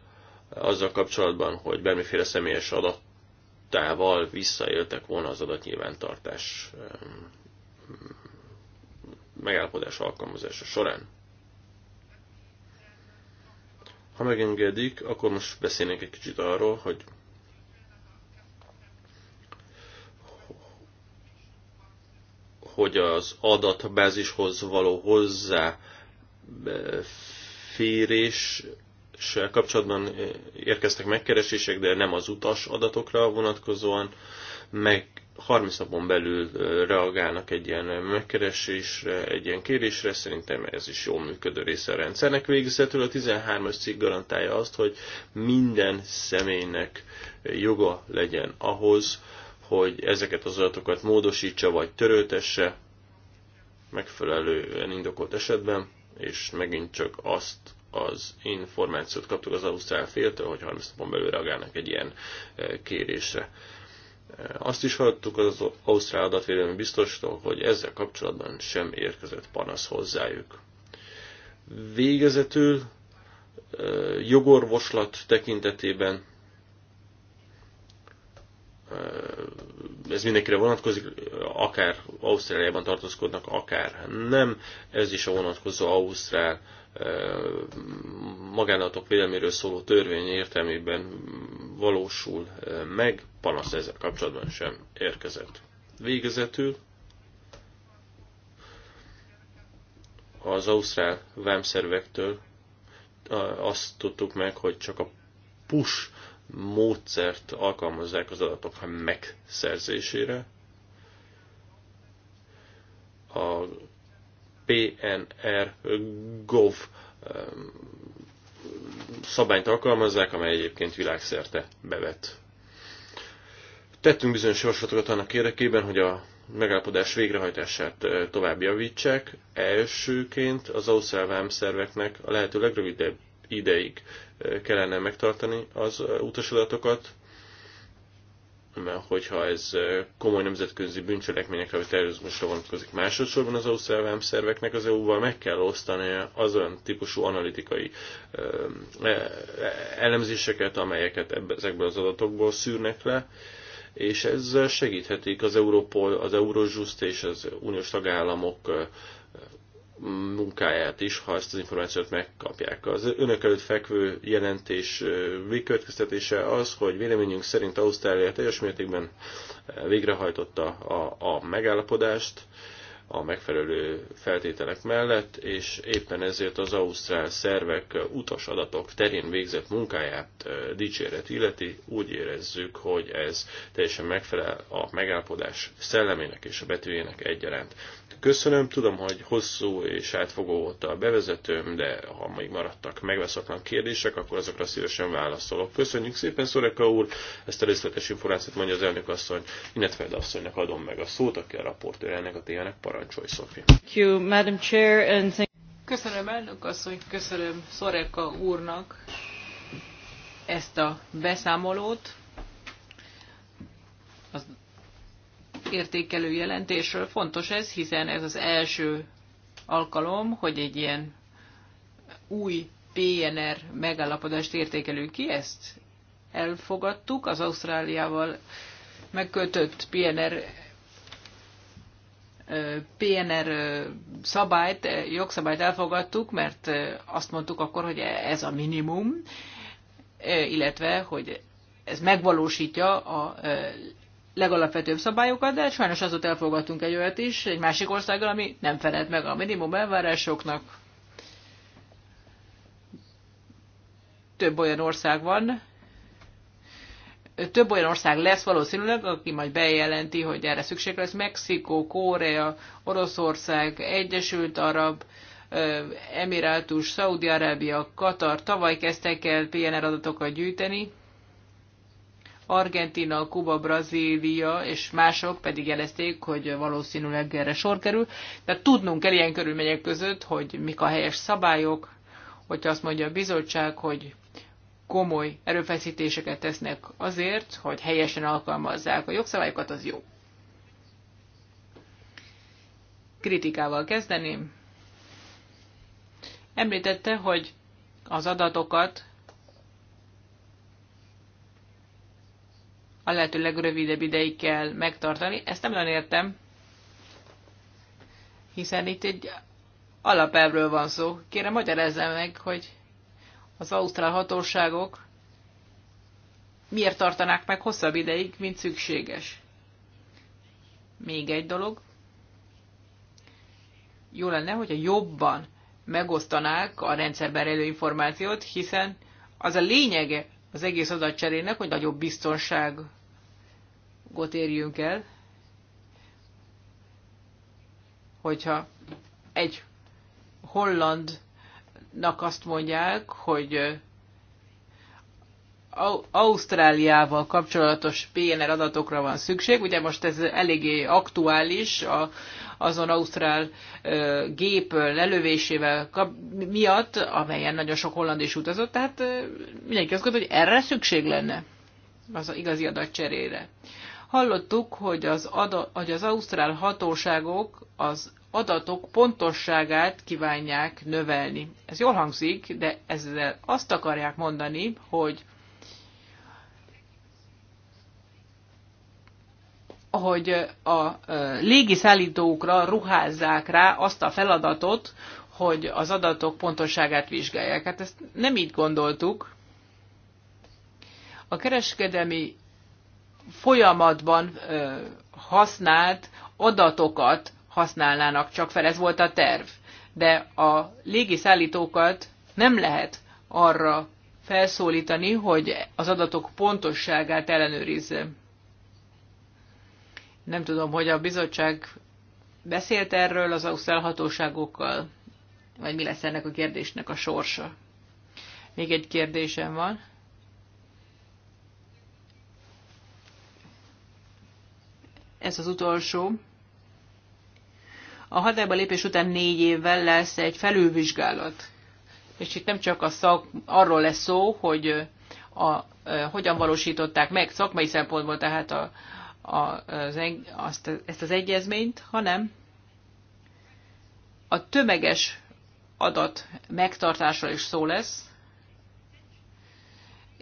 azzal kapcsolatban, hogy bármiféle személyes adattával visszaéltek volna az adatnyilvántartás megállapodás alkalmazása során. Ha megengedik, akkor most beszélnék egy kicsit arról, hogy hogy az adatbázishoz való hozzáférés kapcsolatban érkeztek megkeresések, de nem az utas adatokra vonatkozóan, meg 30 napon belül reagálnak egy ilyen megkeresésre, egy ilyen kérésre, szerintem ez is jól működő része a rendszernek. Végzetül a 13-as cikk garantálja azt, hogy minden személynek joga legyen ahhoz, hogy ezeket az adatokat módosítsa vagy töröltesse megfelelően indokolt esetben, és megint csak azt az információt kaptuk az Ausztrál féltől, hogy 30 napon belül reagálnak egy ilyen e, kérésre. E, azt is hallottuk az Ausztrál adatvédelmi biztostól, hogy ezzel kapcsolatban sem érkezett panasz hozzájuk. Végezetül e, jogorvoslat tekintetében ez mindenkire vonatkozik, akár Ausztráliában tartózkodnak, akár nem. Ez is a vonatkozó Ausztrál eh, magánatok védelméről szóló törvény értelmében valósul eh, meg, panasz ezzel kapcsolatban sem érkezett. Végezetül az ausztrál vámszervektől eh, azt tudtuk meg, hogy csak a push módszert alkalmazzák az adatok megszerzésére. A PNR Gov szabályt alkalmazzák, amely egyébként világszerte bevet. Tettünk bizonyos javaslatokat annak érdekében, hogy a megállapodás végrehajtását tovább javítsák. Elsőként az ausztrál m-szerveknek a lehető legrövidebb ideig eh, kellene megtartani az eh, utasadatokat, mert hogyha ez eh, komoly nemzetközi bűncselekményekre vagy terrorizmusra vonatkozik. Másodszorban az ausztrál szerveknek az EU-val meg kell osztani az olyan típusú analitikai elemzéseket, amelyeket ezekből az adatokból szűrnek le, és ezzel segíthetik az Európol, az Eurojust és az uniós tagállamok munkáját is, ha ezt az információt megkapják. Az önök előtt fekvő jelentés végkövetkeztetése az, hogy véleményünk szerint Ausztrália teljes mértékben végrehajtotta a, a megállapodást a megfelelő feltételek mellett, és éppen ezért az ausztrál szervek utasadatok terén végzett munkáját dicséret illeti. Úgy érezzük, hogy ez teljesen megfelel a megállapodás szellemének és a betűjének egyaránt. Köszönöm, tudom, hogy hosszú és átfogó volt a bevezetőm, de ha még maradtak megveszatlan kérdések, akkor azokra szívesen válaszolok. Köszönjük szépen, Szoreka úr, ezt a részletes információt mondja az elnök asszony, illetve az asszonynak adom meg a szót, aki a raportőr ennek a témának parancsolj, Szofi. Köszönöm, elnök asszony, köszönöm Szoreka úrnak ezt a beszámolót. értékelő jelentésről. Fontos ez, hiszen ez az első alkalom, hogy egy ilyen új PNR megállapodást értékelünk ki, ezt elfogadtuk az Ausztráliával megkötött PNR PNR szabályt, jogszabályt elfogadtuk, mert azt mondtuk akkor, hogy ez a minimum, illetve, hogy ez megvalósítja a legalapvetőbb szabályokat, de sajnos azóta elfogadtunk egy olyat is, egy másik országgal, ami nem felelt meg a minimum elvárásoknak. Több olyan ország van, több olyan ország lesz valószínűleg, aki majd bejelenti, hogy erre szükség lesz. Mexikó, Korea, Oroszország, Egyesült Arab, Emirátus, Szaudi-Arábia, Katar tavaly kezdtek el PNR adatokat gyűjteni, Argentina, Kuba, Brazília és mások pedig jelezték, hogy valószínűleg erre sor kerül. De tudnunk kell ilyen körülmények között, hogy mik a helyes szabályok, hogyha azt mondja a bizottság, hogy komoly erőfeszítéseket tesznek azért, hogy helyesen alkalmazzák a jogszabályokat, az jó. Kritikával kezdeném. Említette, hogy az adatokat a lehető legrövidebb ideig kell megtartani. Ezt nem nagyon értem, hiszen itt egy alapelvről van szó. Kérem, magyarázzam meg, hogy az ausztrál hatóságok miért tartanák meg hosszabb ideig, mint szükséges. Még egy dolog. Jó lenne, hogyha jobban megosztanák a rendszerben rejlő információt, hiszen az a lényege az egész adatcserének, hogy nagyobb biztonság dolgot érjünk el, hogyha egy hollandnak azt mondják, hogy Ausztráliával kapcsolatos PNR adatokra van szükség. Ugye most ez eléggé aktuális a, azon ausztrál ö, gép lelövésével kap, miatt, amelyen nagyon sok holland is utazott, tehát ö, mindenki azt gondolja, hogy erre szükség lenne az igazi adatcserére. Hallottuk, hogy az, ada, hogy az ausztrál hatóságok az adatok pontosságát kívánják növelni. Ez jól hangzik, de ezzel azt akarják mondani, hogy hogy a légiszállítókra ruházzák rá azt a feladatot, hogy az adatok pontosságát vizsgálják. Hát ezt nem így gondoltuk. A kereskedelmi folyamatban használt adatokat használnának csak fel, ez volt a terv. De a légiszállítókat nem lehet arra felszólítani, hogy az adatok pontosságát ellenőrizze. Nem tudom, hogy a bizottság beszélt erről az ausztrál hatóságokkal, vagy mi lesz ennek a kérdésnek a sorsa. Még egy kérdésem van. ez az utolsó. A hatályba lépés után négy évvel lesz egy felülvizsgálat. És itt nem csak a szak, arról lesz szó, hogy a, a, hogyan valósították meg szakmai szempontból tehát a, a, az, azt, ezt az egyezményt, hanem a tömeges adat megtartásról is szó lesz,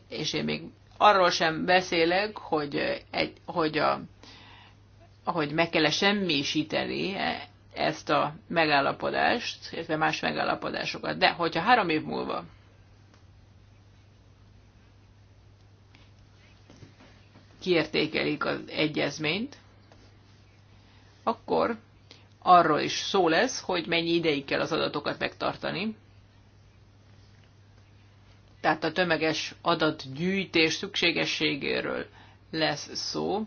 és én még arról sem beszélek, hogy, egy, hogy a hogy meg kell -e semmisíteni ezt a megállapodást, illetve más megállapodásokat. De hogyha három év múlva kiértékelik az egyezményt, akkor arról is szó lesz, hogy mennyi ideig kell az adatokat megtartani. Tehát a tömeges adatgyűjtés szükségességéről lesz szó,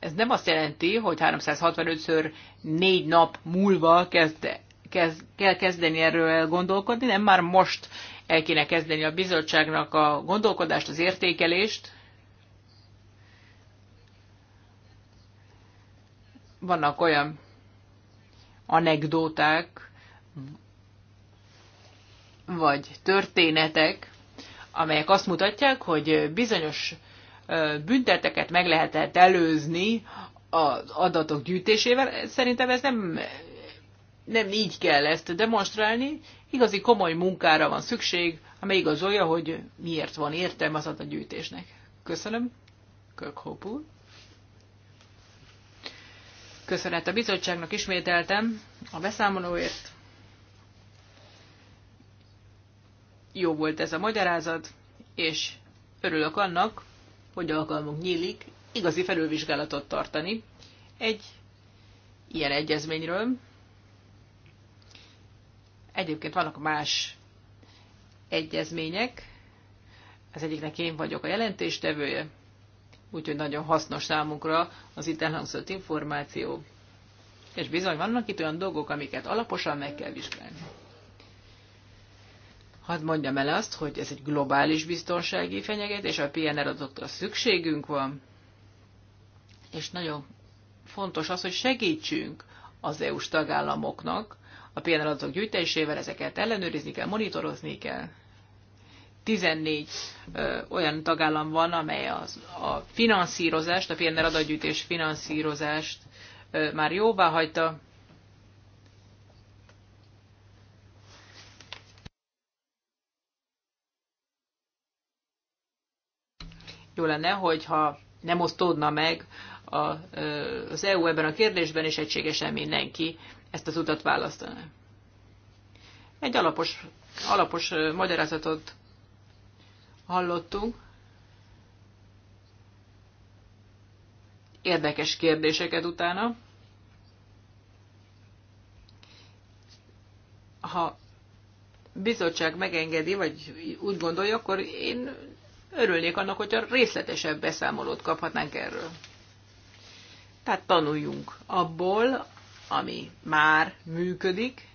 ez nem azt jelenti, hogy 365-ször négy nap múlva kezd, kezd, kell kezdeni erről gondolkodni, nem már most el kéne kezdeni a bizottságnak a gondolkodást, az értékelést. Vannak olyan anekdóták, vagy történetek, amelyek azt mutatják, hogy bizonyos bünteteket meg lehetett előzni az adatok gyűjtésével. Szerintem ez nem, nem így kell ezt demonstrálni. Igazi komoly munkára van szükség, amely igazolja, hogy miért van értelme az adatgyűjtésnek. Köszönöm. Kirkhope úr. Köszönet a bizottságnak ismételtem a beszámolóért. Jó volt ez a magyarázat, és örülök annak, hogy alkalmunk nyílik igazi felülvizsgálatot tartani egy ilyen egyezményről. Egyébként vannak más egyezmények, az egyiknek én vagyok a jelentéstevője, úgyhogy nagyon hasznos számunkra az itt elhangzott információ. És bizony vannak itt olyan dolgok, amiket alaposan meg kell vizsgálni. Hadd mondjam el azt, hogy ez egy globális biztonsági fenyegetés, a PNR adottra szükségünk van, és nagyon fontos az, hogy segítsünk az EU-s tagállamoknak a PNR adatok gyűjtésével, ezeket ellenőrizni kell, monitorozni kell. 14 ö, olyan tagállam van, amely az, a finanszírozást, a PNR adatgyűjtés finanszírozást ö, már jóvá hagyta, jó lenne, hogyha nem osztódna meg a, az EU ebben a kérdésben, és egységesen mindenki ezt az utat választana. Egy alapos, alapos magyarázatot hallottunk. Érdekes kérdéseket utána. Ha bizottság megengedi, vagy úgy gondolja, akkor én Örülnék annak, hogyha részletesebb beszámolót kaphatnánk erről. Tehát tanuljunk abból, ami már működik,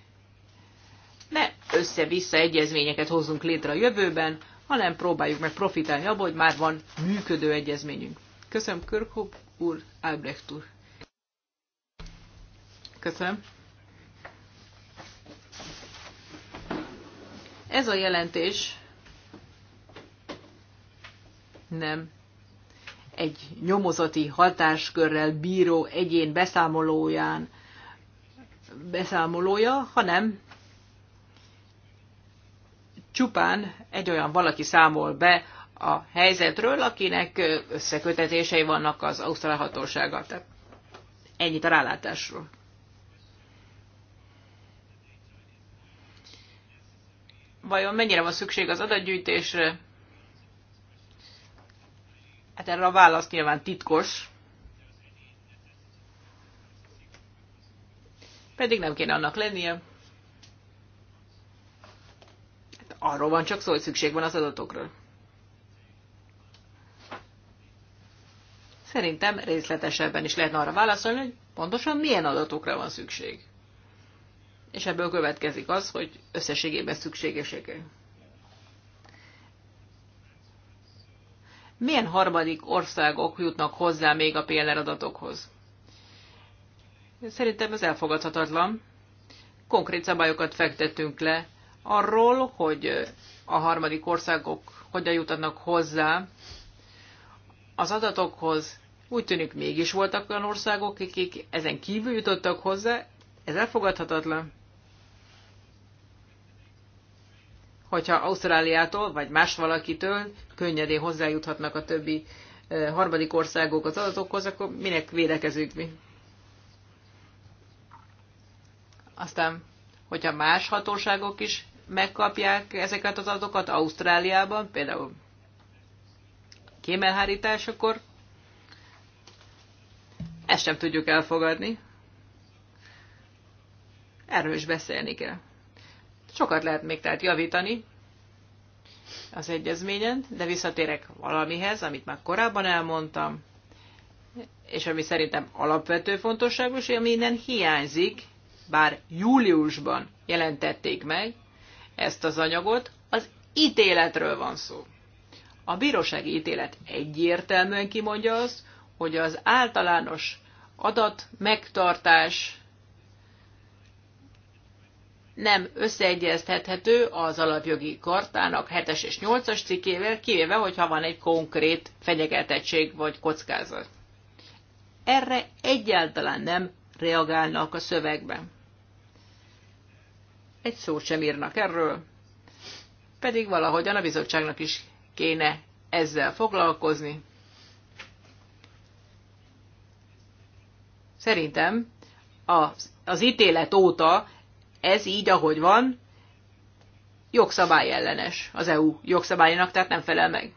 ne össze-vissza egyezményeket hozzunk létre a jövőben, hanem próbáljuk meg profitálni abból, hogy már van működő egyezményünk. Köszönöm, Körkop úr, Albrecht úr. Köszönöm. Ez a jelentés nem egy nyomozati hatáskörrel bíró egyén beszámolóján beszámolója, hanem csupán egy olyan valaki számol be a helyzetről, akinek összekötetései vannak az ausztrál hatósággal. Tehát ennyit a rálátásról. Vajon mennyire van szükség az adatgyűjtésre? Hát erre a válasz nyilván titkos. Pedig nem kéne annak lennie. Hát arról van csak szó, hogy szükség van az adatokról. Szerintem részletesebben is lehetne arra válaszolni, hogy pontosan milyen adatokra van szükség. És ebből következik az, hogy összességében szükségesek. -e. milyen harmadik országok jutnak hozzá még a PNR adatokhoz? Szerintem ez elfogadhatatlan. Konkrét szabályokat fektettünk le arról, hogy a harmadik országok hogyan jutnak hozzá az adatokhoz. Úgy tűnik, mégis voltak olyan országok, akik ezen kívül jutottak hozzá, ez elfogadhatatlan. hogyha Ausztráliától vagy más valakitől könnyedén hozzájuthatnak a többi eh, harmadik országok az adatokhoz, akkor minek védekezünk mi? Aztán, hogyha más hatóságok is megkapják ezeket az adatokat Ausztráliában, például kémelhárítás, akkor ezt sem tudjuk elfogadni. Erről is beszélni kell. Sokat lehet még tehát javítani az egyezményen, de visszatérek valamihez, amit már korábban elmondtam, és ami szerintem alapvető fontosságú, és ami innen hiányzik, bár júliusban jelentették meg ezt az anyagot, az ítéletről van szó. A bírósági ítélet egyértelműen kimondja azt, hogy az általános adatmegtartás nem összeegyeztethető az alapjogi kartának 7-es és 8-as cikkével, kivéve, hogyha van egy konkrét fenyegetettség vagy kockázat. Erre egyáltalán nem reagálnak a szövegben. Egy szót sem írnak erről, pedig valahogyan a bizottságnak is kéne ezzel foglalkozni. Szerintem az, az ítélet óta ez így, ahogy van, jogszabály ellenes az EU jogszabályának, tehát nem felel meg.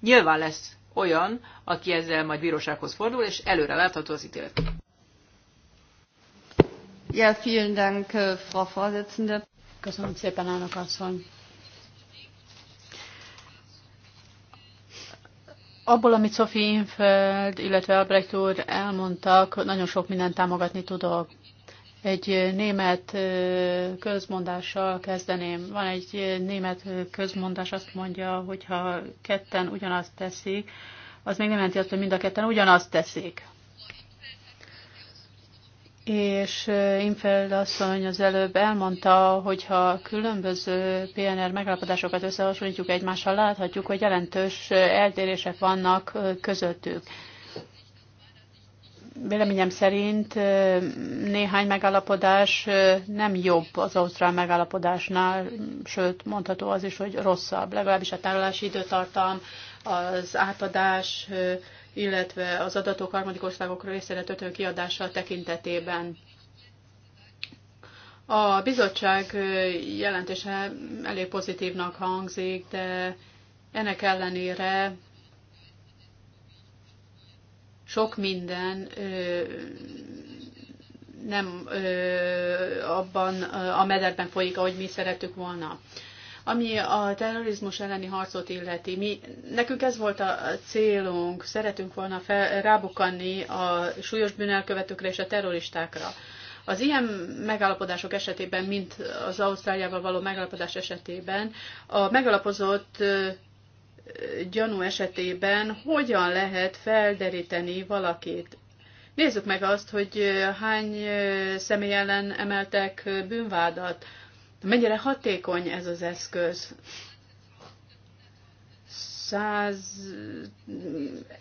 Nyilván lesz olyan, aki ezzel majd bírósághoz fordul, és előre látható az ítélet. Ja, vielen Dank, Frau Vorsitzende. Köszönöm szépen, elnök asszony. Abból, amit Sophie Infeld, illetve Albrecht úr elmondtak, nagyon sok mindent támogatni tudok. Egy német közmondással kezdeném. Van egy német közmondás, azt mondja, hogyha ketten ugyanazt teszik, az még nem jelenti azt, hogy mind a ketten ugyanazt teszik és Infeld asszony az előbb elmondta, hogyha különböző PNR megállapodásokat összehasonlítjuk egymással, láthatjuk, hogy jelentős eltérések vannak közöttük. Véleményem szerint néhány megállapodás nem jobb az ausztrál megállapodásnál, sőt mondható az is, hogy rosszabb, legalábbis a tárolási időtartam, az átadás illetve az adatok harmadik részére történő kiadása tekintetében. A bizottság jelentése elég pozitívnak hangzik, de ennek ellenére sok minden nem abban a mederben folyik, ahogy mi szerettük volna. Ami a terrorizmus elleni harcot illeti, mi, nekünk ez volt a célunk, szeretünk volna fel, rábukanni a súlyos bűnelkövetőkre és a terroristákra. Az ilyen megállapodások esetében, mint az Ausztráliával való megállapodás esetében, a megalapozott gyanú esetében hogyan lehet felderíteni valakit. Nézzük meg azt, hogy hány személy ellen emeltek bűnvádat, mennyire hatékony ez az eszköz.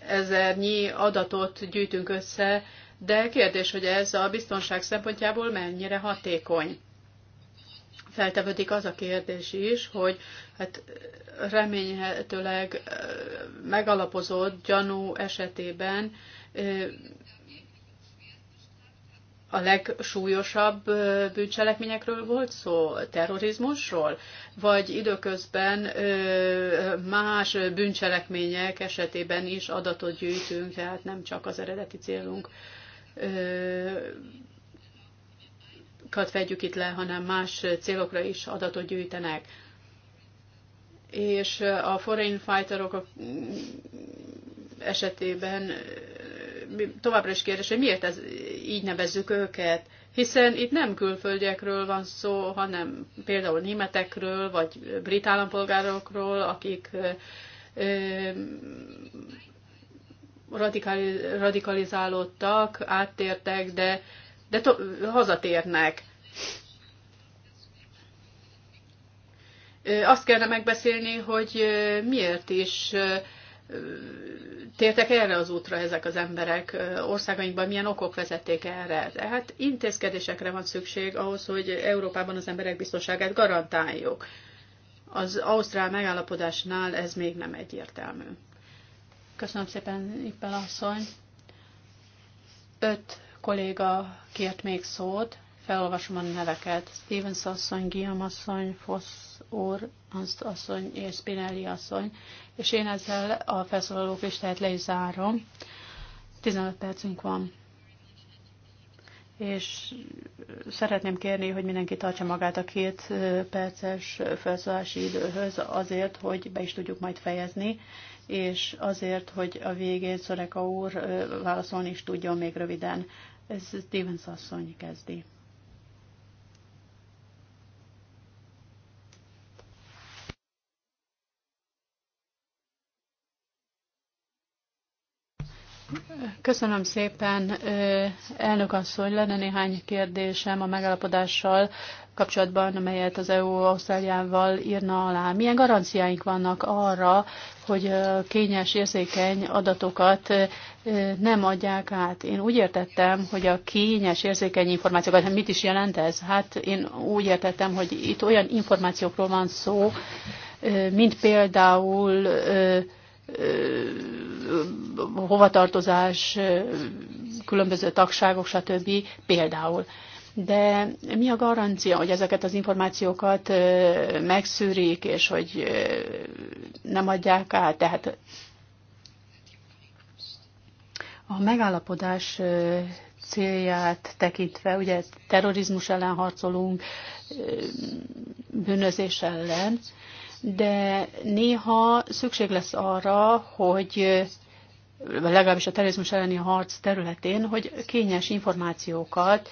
ezernyi adatot gyűjtünk össze, de kérdés, hogy ez a biztonság szempontjából mennyire hatékony. Feltevődik az a kérdés is, hogy hát remélhetőleg megalapozott gyanú esetében a legsúlyosabb bűncselekményekről volt szó, terrorizmusról, vagy időközben más bűncselekmények esetében is adatot gyűjtünk, tehát nem csak az eredeti célunk vegyük itt le, hanem más célokra is adatot gyűjtenek. És a foreign fighterok esetében továbbra is kérdés, hogy miért ez, így nevezzük őket, hiszen itt nem külföldiekről van szó, hanem például németekről, vagy brit állampolgárokról, akik radikalizálódtak, áttértek, de, de to- hazatérnek. Azt kellene megbeszélni, hogy miért is tértek erre az útra ezek az emberek országainkban, milyen okok vezették erre. Tehát intézkedésekre van szükség ahhoz, hogy Európában az emberek biztonságát garantáljuk. Az Ausztrál megállapodásnál ez még nem egyértelmű. Köszönöm szépen, Ippel asszony. Öt kolléga kért még szót. Felolvasom a neveket. Stevens asszony, Guillaume asszony, Fosz úr, Anst asszony és Spinelli asszony. És én ezzel a felszólalók listáját le is zárom. 15 percünk van. És szeretném kérni, hogy mindenki tartsa magát a két perces felszólási időhöz azért, hogy be is tudjuk majd fejezni, és azért, hogy a végén Szoreka úr válaszolni is tudjon még röviden. Ez Stevens asszony kezdi. Köszönöm szépen, elnök asszony, lenne néhány kérdésem a megállapodással kapcsolatban, amelyet az EU Ausztráliával írna alá. Milyen garanciáink vannak arra, hogy kényes, érzékeny adatokat nem adják át? Én úgy értettem, hogy a kényes, érzékeny információkat, hát mit is jelent ez? Hát én úgy értettem, hogy itt olyan információkról van szó, mint például hovatartozás, különböző tagságok, stb. például. De mi a garancia, hogy ezeket az információkat megszűrik, és hogy nem adják át? Tehát a megállapodás célját tekintve, ugye terrorizmus ellen harcolunk, bűnözés ellen, de néha szükség lesz arra, hogy legalábbis a terrorizmus elleni harc területén, hogy kényes információkat,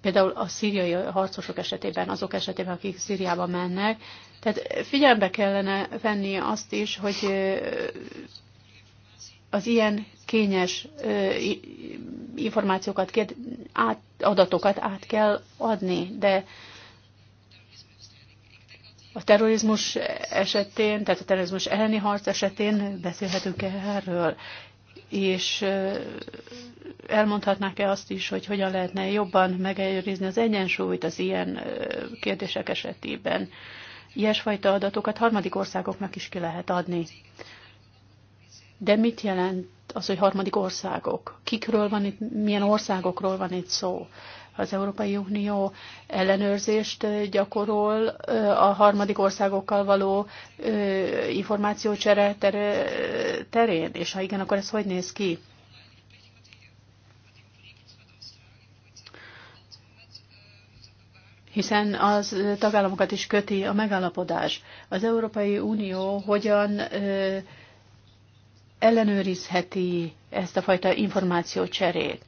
például a szíriai harcosok esetében, azok esetében, akik Szíriába mennek. Tehát figyelembe kellene venni azt is, hogy az ilyen kényes információkat, adatokat át kell adni, de a terrorizmus esetén, tehát a terrorizmus elleni harc esetén beszélhetünk -e erről, és elmondhatnák-e azt is, hogy hogyan lehetne jobban megelőrizni az egyensúlyt az ilyen kérdések esetében. Ilyesfajta adatokat harmadik országoknak is ki lehet adni. De mit jelent az, hogy harmadik országok? Kikről van itt, milyen országokról van itt szó? az Európai Unió ellenőrzést gyakorol a harmadik országokkal való információcsere terén? És ha igen, akkor ez hogy néz ki? hiszen az tagállamokat is köti a megállapodás. Az Európai Unió hogyan ellenőrizheti ezt a fajta információcserét?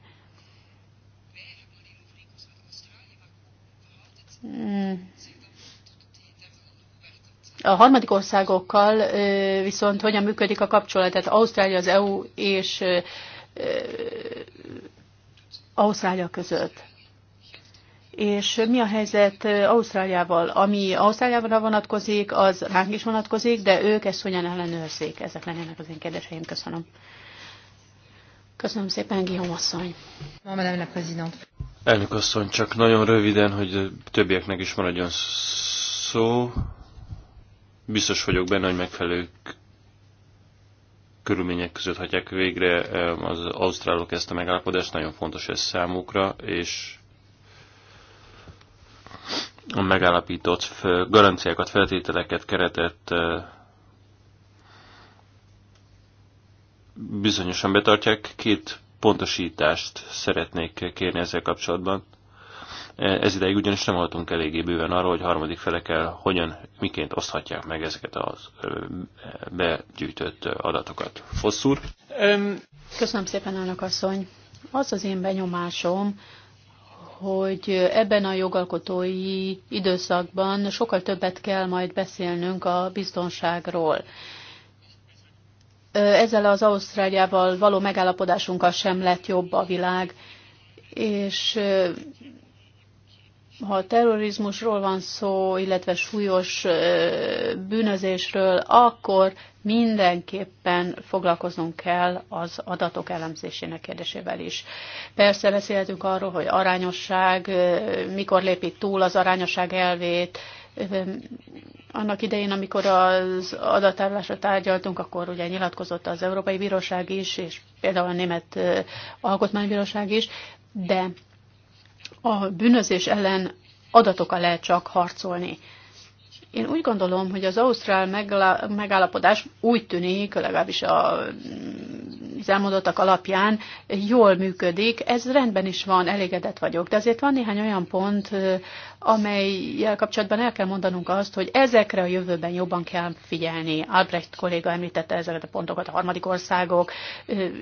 Hmm. A harmadik országokkal viszont hogyan működik a kapcsolat? Tehát Ausztrália, az EU és Ausztrália között. És mi a helyzet Ausztráliával? Ami Ausztráliával vonatkozik, az ránk is vonatkozik, de ők ezt hogyan ellenőrzik? Ezek lennének az én kérdéseim. Köszönöm. Köszönöm szépen, Guillaume asszony. Madame la Présidente. Elnök asszony, csak nagyon röviden, hogy többieknek is maradjon szó. Biztos vagyok benne, hogy megfelelő körülmények között hagyják végre eh, az ausztrálok ezt a megállapodást, nagyon fontos ez számukra, és a megállapított garanciákat, feltételeket, keretet eh, bizonyosan betartják. Két pontosítást szeretnék kérni ezzel kapcsolatban. Ez ideig ugyanis nem voltunk eléggé bőven arról, hogy harmadik felekkel hogyan, miként oszthatják meg ezeket az begyűjtött adatokat. Fosszúr? Köszönöm szépen, elnök asszony. Az az én benyomásom, hogy ebben a jogalkotói időszakban sokkal többet kell majd beszélnünk a biztonságról ezzel az Ausztráliával való megállapodásunkkal sem lett jobb a világ, és ha a terrorizmusról van szó, illetve súlyos bűnözésről, akkor mindenképpen foglalkoznunk kell az adatok elemzésének kérdésével is. Persze beszélhetünk arról, hogy arányosság, mikor lépik túl az arányosság elvét, annak idején, amikor az adatállásra tárgyaltunk, akkor ugye nyilatkozott az Európai Bíróság is, és például a Német Alkotmánybíróság is, de a bűnözés ellen adatokkal lehet csak harcolni. Én úgy gondolom, hogy az ausztrál megállapodás úgy tűnik, legalábbis a az elmondottak alapján jól működik. Ez rendben is van, elégedett vagyok. De azért van néhány olyan pont, amelyel kapcsolatban el kell mondanunk azt, hogy ezekre a jövőben jobban kell figyelni. Albrecht kolléga említette ezeket a pontokat, a harmadik országok.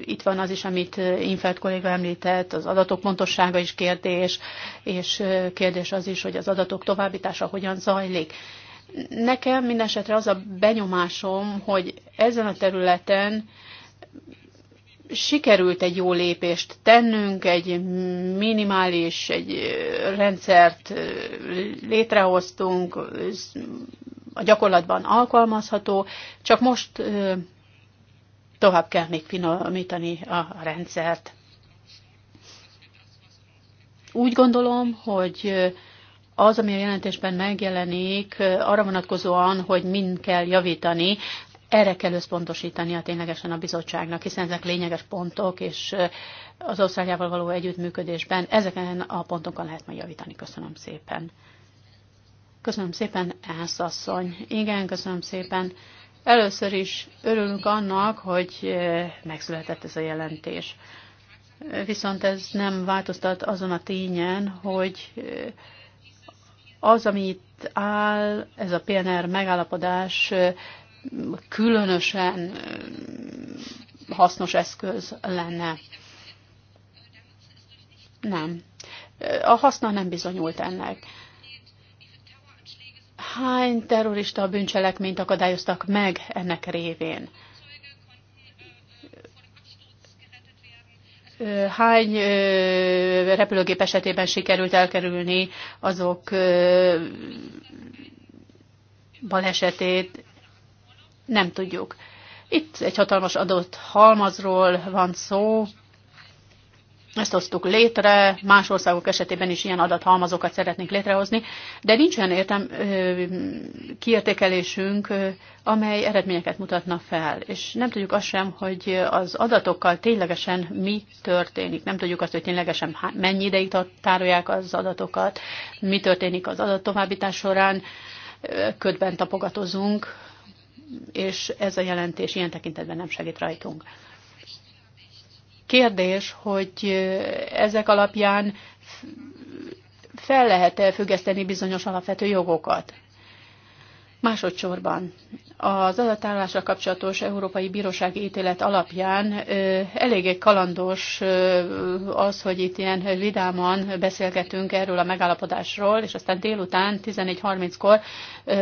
Itt van az is, amit Infeld kolléga említett, az adatok pontossága is kérdés, és kérdés az is, hogy az adatok továbbítása hogyan zajlik. Nekem mindesetre az a benyomásom, hogy ezen a területen sikerült egy jó lépést tennünk, egy minimális, egy rendszert létrehoztunk, a gyakorlatban alkalmazható, csak most tovább kell még finomítani a rendszert. Úgy gondolom, hogy az, ami a jelentésben megjelenik, arra vonatkozóan, hogy mind kell javítani, erre kell a ténylegesen a bizottságnak, hiszen ezek lényeges pontok, és az országjával való együttműködésben ezeken a pontokon lehet majd javítani. Köszönöm szépen. Köszönöm szépen, Ász asszony. Igen, köszönöm szépen. Először is örülünk annak, hogy megszületett ez a jelentés. Viszont ez nem változtat azon a tényen, hogy az, ami itt áll, ez a PNR megállapodás különösen hasznos eszköz lenne. Nem. A haszna nem bizonyult ennek. Hány terrorista bűncselekményt akadályoztak meg ennek révén? Hány repülőgép esetében sikerült elkerülni azok balesetét, nem tudjuk. Itt egy hatalmas adott halmazról van szó, ezt hoztuk létre, más országok esetében is ilyen adathalmazokat szeretnénk létrehozni, de nincs olyan értem kiértékelésünk, amely eredményeket mutatna fel, és nem tudjuk azt sem, hogy az adatokkal ténylegesen mi történik. Nem tudjuk azt, hogy ténylegesen mennyi ideig tárolják az adatokat, mi történik az adat továbbítás során, ködben tapogatozunk, és ez a jelentés ilyen tekintetben nem segít rajtunk. Kérdés, hogy ezek alapján fel lehet-e függeszteni bizonyos alapvető jogokat? Másodszorban az adatállással kapcsolatos Európai Bírósági ítélet alapján eléggé kalandos az, hogy itt ilyen vidáman beszélgetünk erről a megállapodásról, és aztán délután 14.30-kor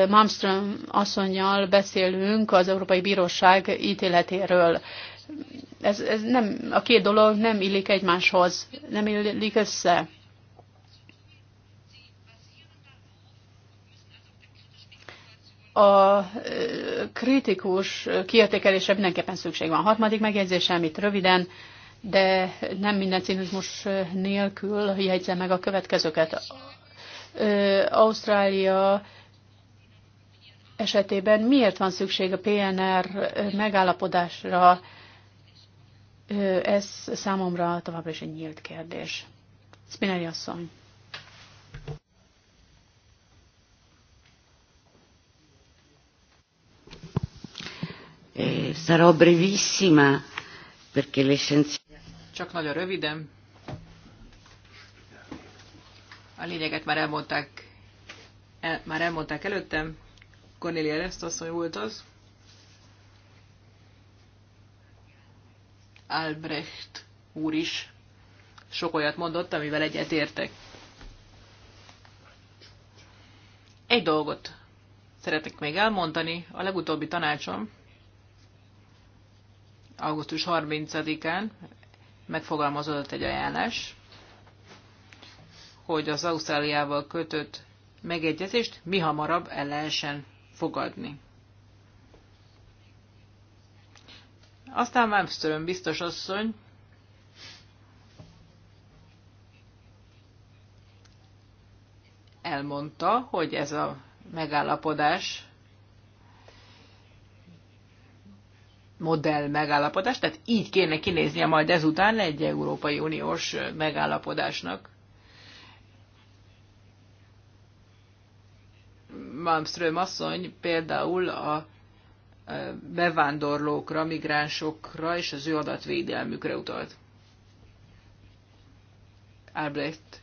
Malmström asszonynal beszélünk az Európai Bíróság ítéletéről. Ez, ez nem, a két dolog nem illik egymáshoz, nem illik össze a kritikus kiértékelésre mindenképpen szükség van. Harmadik megjegyzésem itt röviden, de nem minden cinizmus nélkül jegyze meg a következőket. Ausztrália esetében miért van szükség a PNR megállapodásra? Ez számomra továbbra is egy nyílt kérdés. Spinelli asszony. Eh, sarò brevissima perché Csak nagyon röviden. A lényeget már elmondták, el, már elmondták előttem. Cornelia Leszt volt az. Albrecht úr is sok olyat mondott, amivel értek. Egy dolgot szeretek még elmondani, a legutóbbi tanácsom, augusztus 30-án megfogalmazódott egy ajánlás, hogy az Ausztráliával kötött megegyezést mi hamarabb el lehessen fogadni. Aztán Malmström biztos asszony elmondta, hogy ez a megállapodás modell megállapodás, tehát így kéne kinéznie majd ezután egy Európai Uniós megállapodásnak. Malmström asszony például a e, bevándorlókra, migránsokra és az ő adatvédelmükre utalt. Albrecht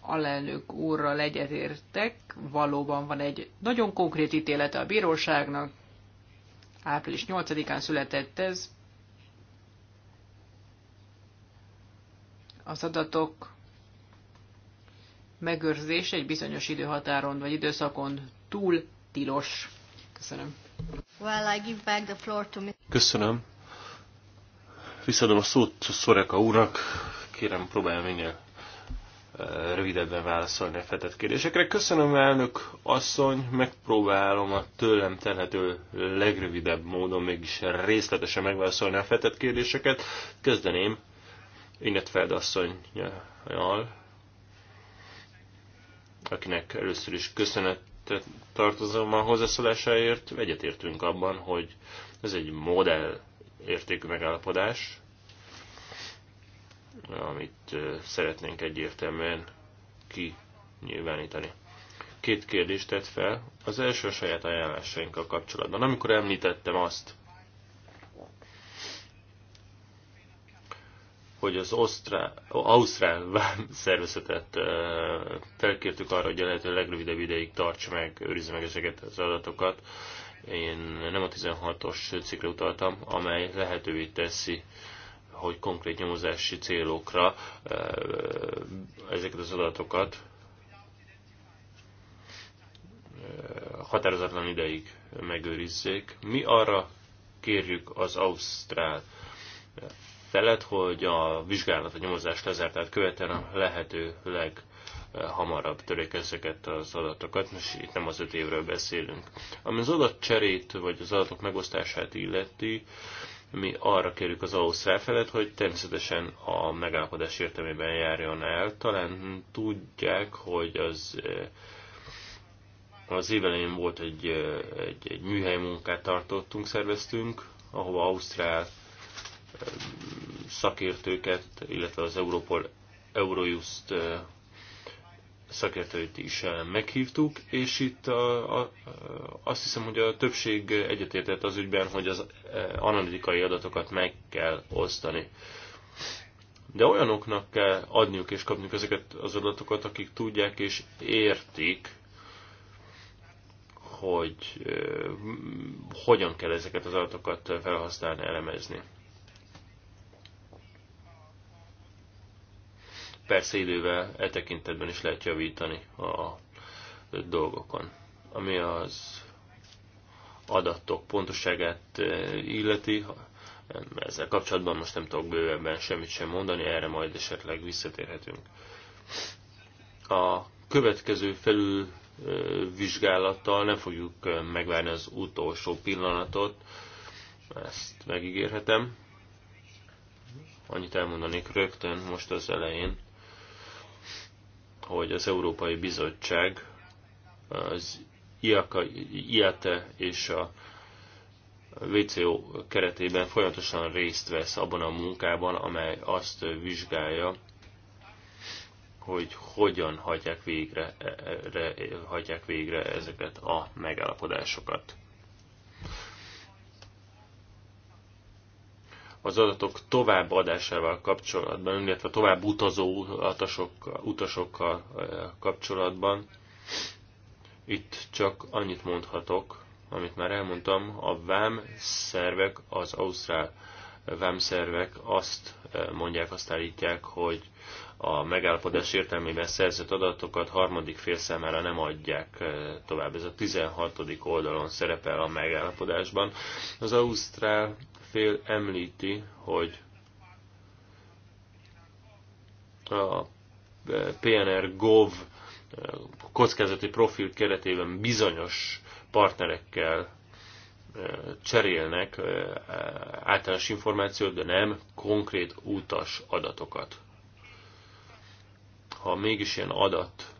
alelnök úrral egyetértek, valóban van egy nagyon konkrét ítélete a bíróságnak, április 8-án született ez. Az adatok megőrzése egy bizonyos időhatáron vagy időszakon túl tilos. Köszönöm. Well, I give back the floor to me. Köszönöm. Visszadom a szót Szoreka úrnak. Kérem, próbálja minél rövidebben válaszolni a feltett kérdésekre. Köszönöm, elnök asszony, megpróbálom a tőlem telhető legrövidebb módon mégis részletesen megválaszolni a feltett kérdéseket. Kezdeném Innetfeld asszonyjal, akinek először is köszönetet tartozom a hozzászólásáért. Egyetértünk abban, hogy ez egy modell értékű megállapodás, amit szeretnénk egyértelműen kinyilvánítani. Két kérdést tett fel. Az első a saját ajánlásainkkal kapcsolatban. Amikor említettem azt, hogy az ausztrál szervezetet felkértük arra, hogy a lehető legrövidebb ideig tartsa meg, őrizze meg ezeket az adatokat. Én nem a 16-os cikre utaltam, amely lehetővé teszi hogy konkrét nyomozási célokra ezeket az adatokat határozatlan ideig megőrizzék. Mi arra kérjük az Ausztrál felet, hogy a vizsgálat, a nyomozás lezártát követően a lehető leghamarabb törék ezeket az adatokat, és itt nem az öt évről beszélünk. Ami az adatcserét, vagy az adatok megosztását illeti, mi arra kérjük az Ausztrál hogy természetesen a megállapodás értelmében járjon el. Talán tudják, hogy az eh, az évelején volt egy, eh, egy, egy műhely munkát tartottunk, szerveztünk, ahova Ausztrál eh, szakértőket, illetve az Europol Eurojust szakértőit is meghívtuk, és itt a, a, azt hiszem, hogy a többség egyetértett az ügyben, hogy az eh, analitikai adatokat meg kell osztani. De olyanoknak kell adniuk és kapniuk ezeket az adatokat, akik tudják és értik, hogy eh, hogyan kell ezeket az adatokat felhasználni, elemezni. persze idővel e tekintetben is lehet javítani a dolgokon. Ami az adatok pontosságát e, illeti, ezzel kapcsolatban most nem tudok bővebben semmit sem mondani, erre majd esetleg visszatérhetünk. A következő felülvizsgálattal nem fogjuk e, megvárni az utolsó pillanatot, ezt megígérhetem. Annyit elmondanék rögtön most az elején, hogy az Európai Bizottság az IATE és a WCO keretében folyamatosan részt vesz abban a munkában, amely azt vizsgálja, hogy hogyan hagyják végre, e, e, hagyják végre ezeket a megállapodásokat. az adatok továbbadásával kapcsolatban, illetve tovább utazó utasok, utasokkal kapcsolatban. Itt csak annyit mondhatok, amit már elmondtam, a vám szervek, az ausztrál vám szervek azt mondják, azt állítják, hogy a megállapodás értelmében szerzett adatokat harmadik fél számára nem adják tovább. Ez a 16. oldalon szerepel a megállapodásban. Az Ausztrál fél említi, hogy a PNR Gov eh, kockázati profil keretében bizonyos partnerekkel eh, cserélnek eh, általános információt, de nem konkrét utas adatokat. Ha mégis ilyen adat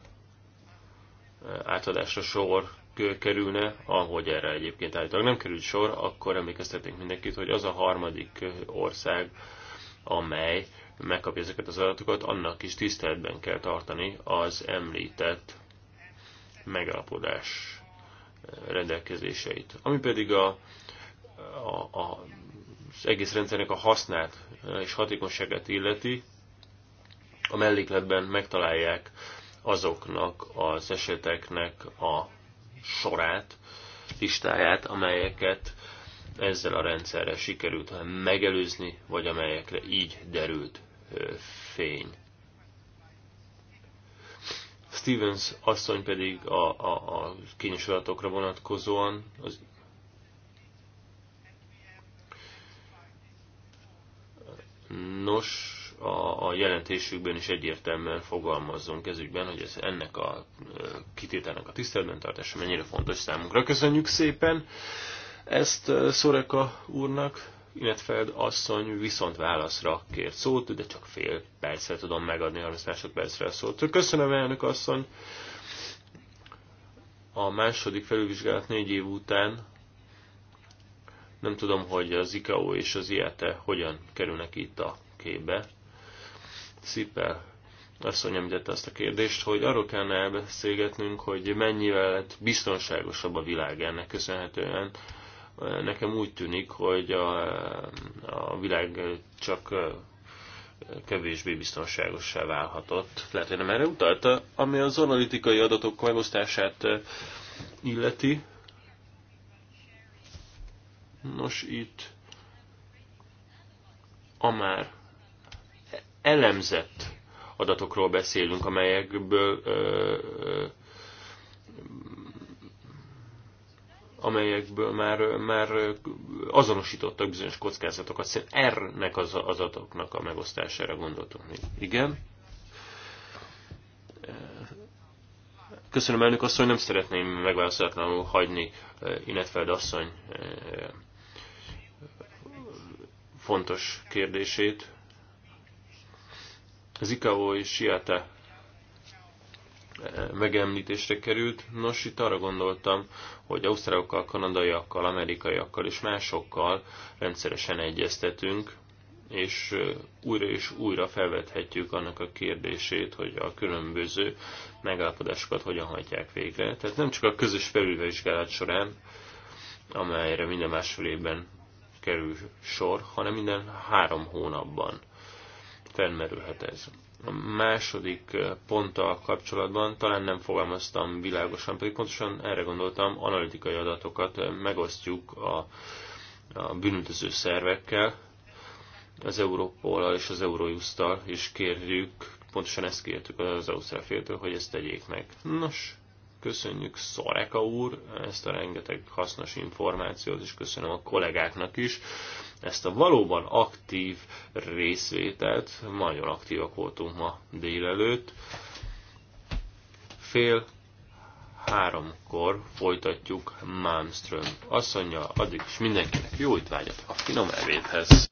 átadásra sor kerülne, ahogy erre egyébként állítólag nem került sor, akkor emlékeztetnénk mindenkit, hogy az a harmadik ország, amely megkapja ezeket az adatokat, annak is tiszteletben kell tartani az említett megállapodás eh, rendelkezéseit. Ami pedig a, a, a, az egész rendszernek a hasznát eh, és hatékonyságát illeti, a mellékletben megtalálják azoknak az eseteknek a sorát, listáját, amelyeket ezzel a rendszerrel sikerült megelőzni, vagy amelyekre így derült fény. Stevens asszony pedig a, a, a kényes vonatkozóan az Nos, a, a jelentésükben is egyértelműen fogalmazzunk ez ügyben, hogy ez ennek a kitételnek a tiszteletben tartása mennyire fontos számunkra. Köszönjük szépen ezt Szoreka úrnak, illetve asszony viszont válaszra kért szót, de csak fél percre tudom megadni, 30 másodpercre a szót. Köszönöm, elnök asszony! A második felülvizsgálat négy év után nem tudom, hogy az ICAO és az iete hogyan kerülnek itt a képbe. Szipel asszony említette azt a kérdést, hogy arról kellene elbeszélgetnünk, hogy mennyivel lett biztonságosabb a világ ennek köszönhetően. Nekem úgy tűnik, hogy a, a világ csak kevésbé biztonságosá válhatott. Lehet, hogy nem erre utalta, ami az analitikai adatok megosztását illeti. Nos, itt a már elemzett adatokról beszélünk, amelyekből amelyekből már, már azonosítottak bizonyos kockázatokat. Szerintem R-nek az, az adatoknak a megosztására gondoltunk. Igen. Köszönöm elnök asszony, nem szeretném megválaszolatlanul hagyni Inetfeld asszony fontos kérdését az és Siete eh, megemlítésre került. Nos, itt arra gondoltam, hogy ausztrálokkal, kanadaiakkal, amerikaiakkal és másokkal rendszeresen egyeztetünk, és eh, újra és újra felvethetjük annak a kérdését, hogy a különböző megállapodásokat hogyan hagyják végre. Tehát nem csak a közös felülvizsgálat során, amelyre minden másfél évben kerül sor, hanem minden három hónapban felmerülhet ez. A második eh, ponttal kapcsolatban talán nem fogalmaztam világosan, pedig pontosan erre gondoltam, analitikai adatokat eh, megosztjuk a, a bűnüldöző szervekkel, az Európollal és az eurojust és kérjük, pontosan ezt kértük az Ausztrál féltől, hogy ezt tegyék meg. Nos, köszönjük Szareka úr ezt a rengeteg hasznos információt, és köszönöm a kollégáknak is, ezt a valóban aktív részvételt, nagyon aktívak voltunk ma délelőtt, fél háromkor folytatjuk Malmström asszonyjal, addig is mindenkinek jó étvágyat a finom evéthez!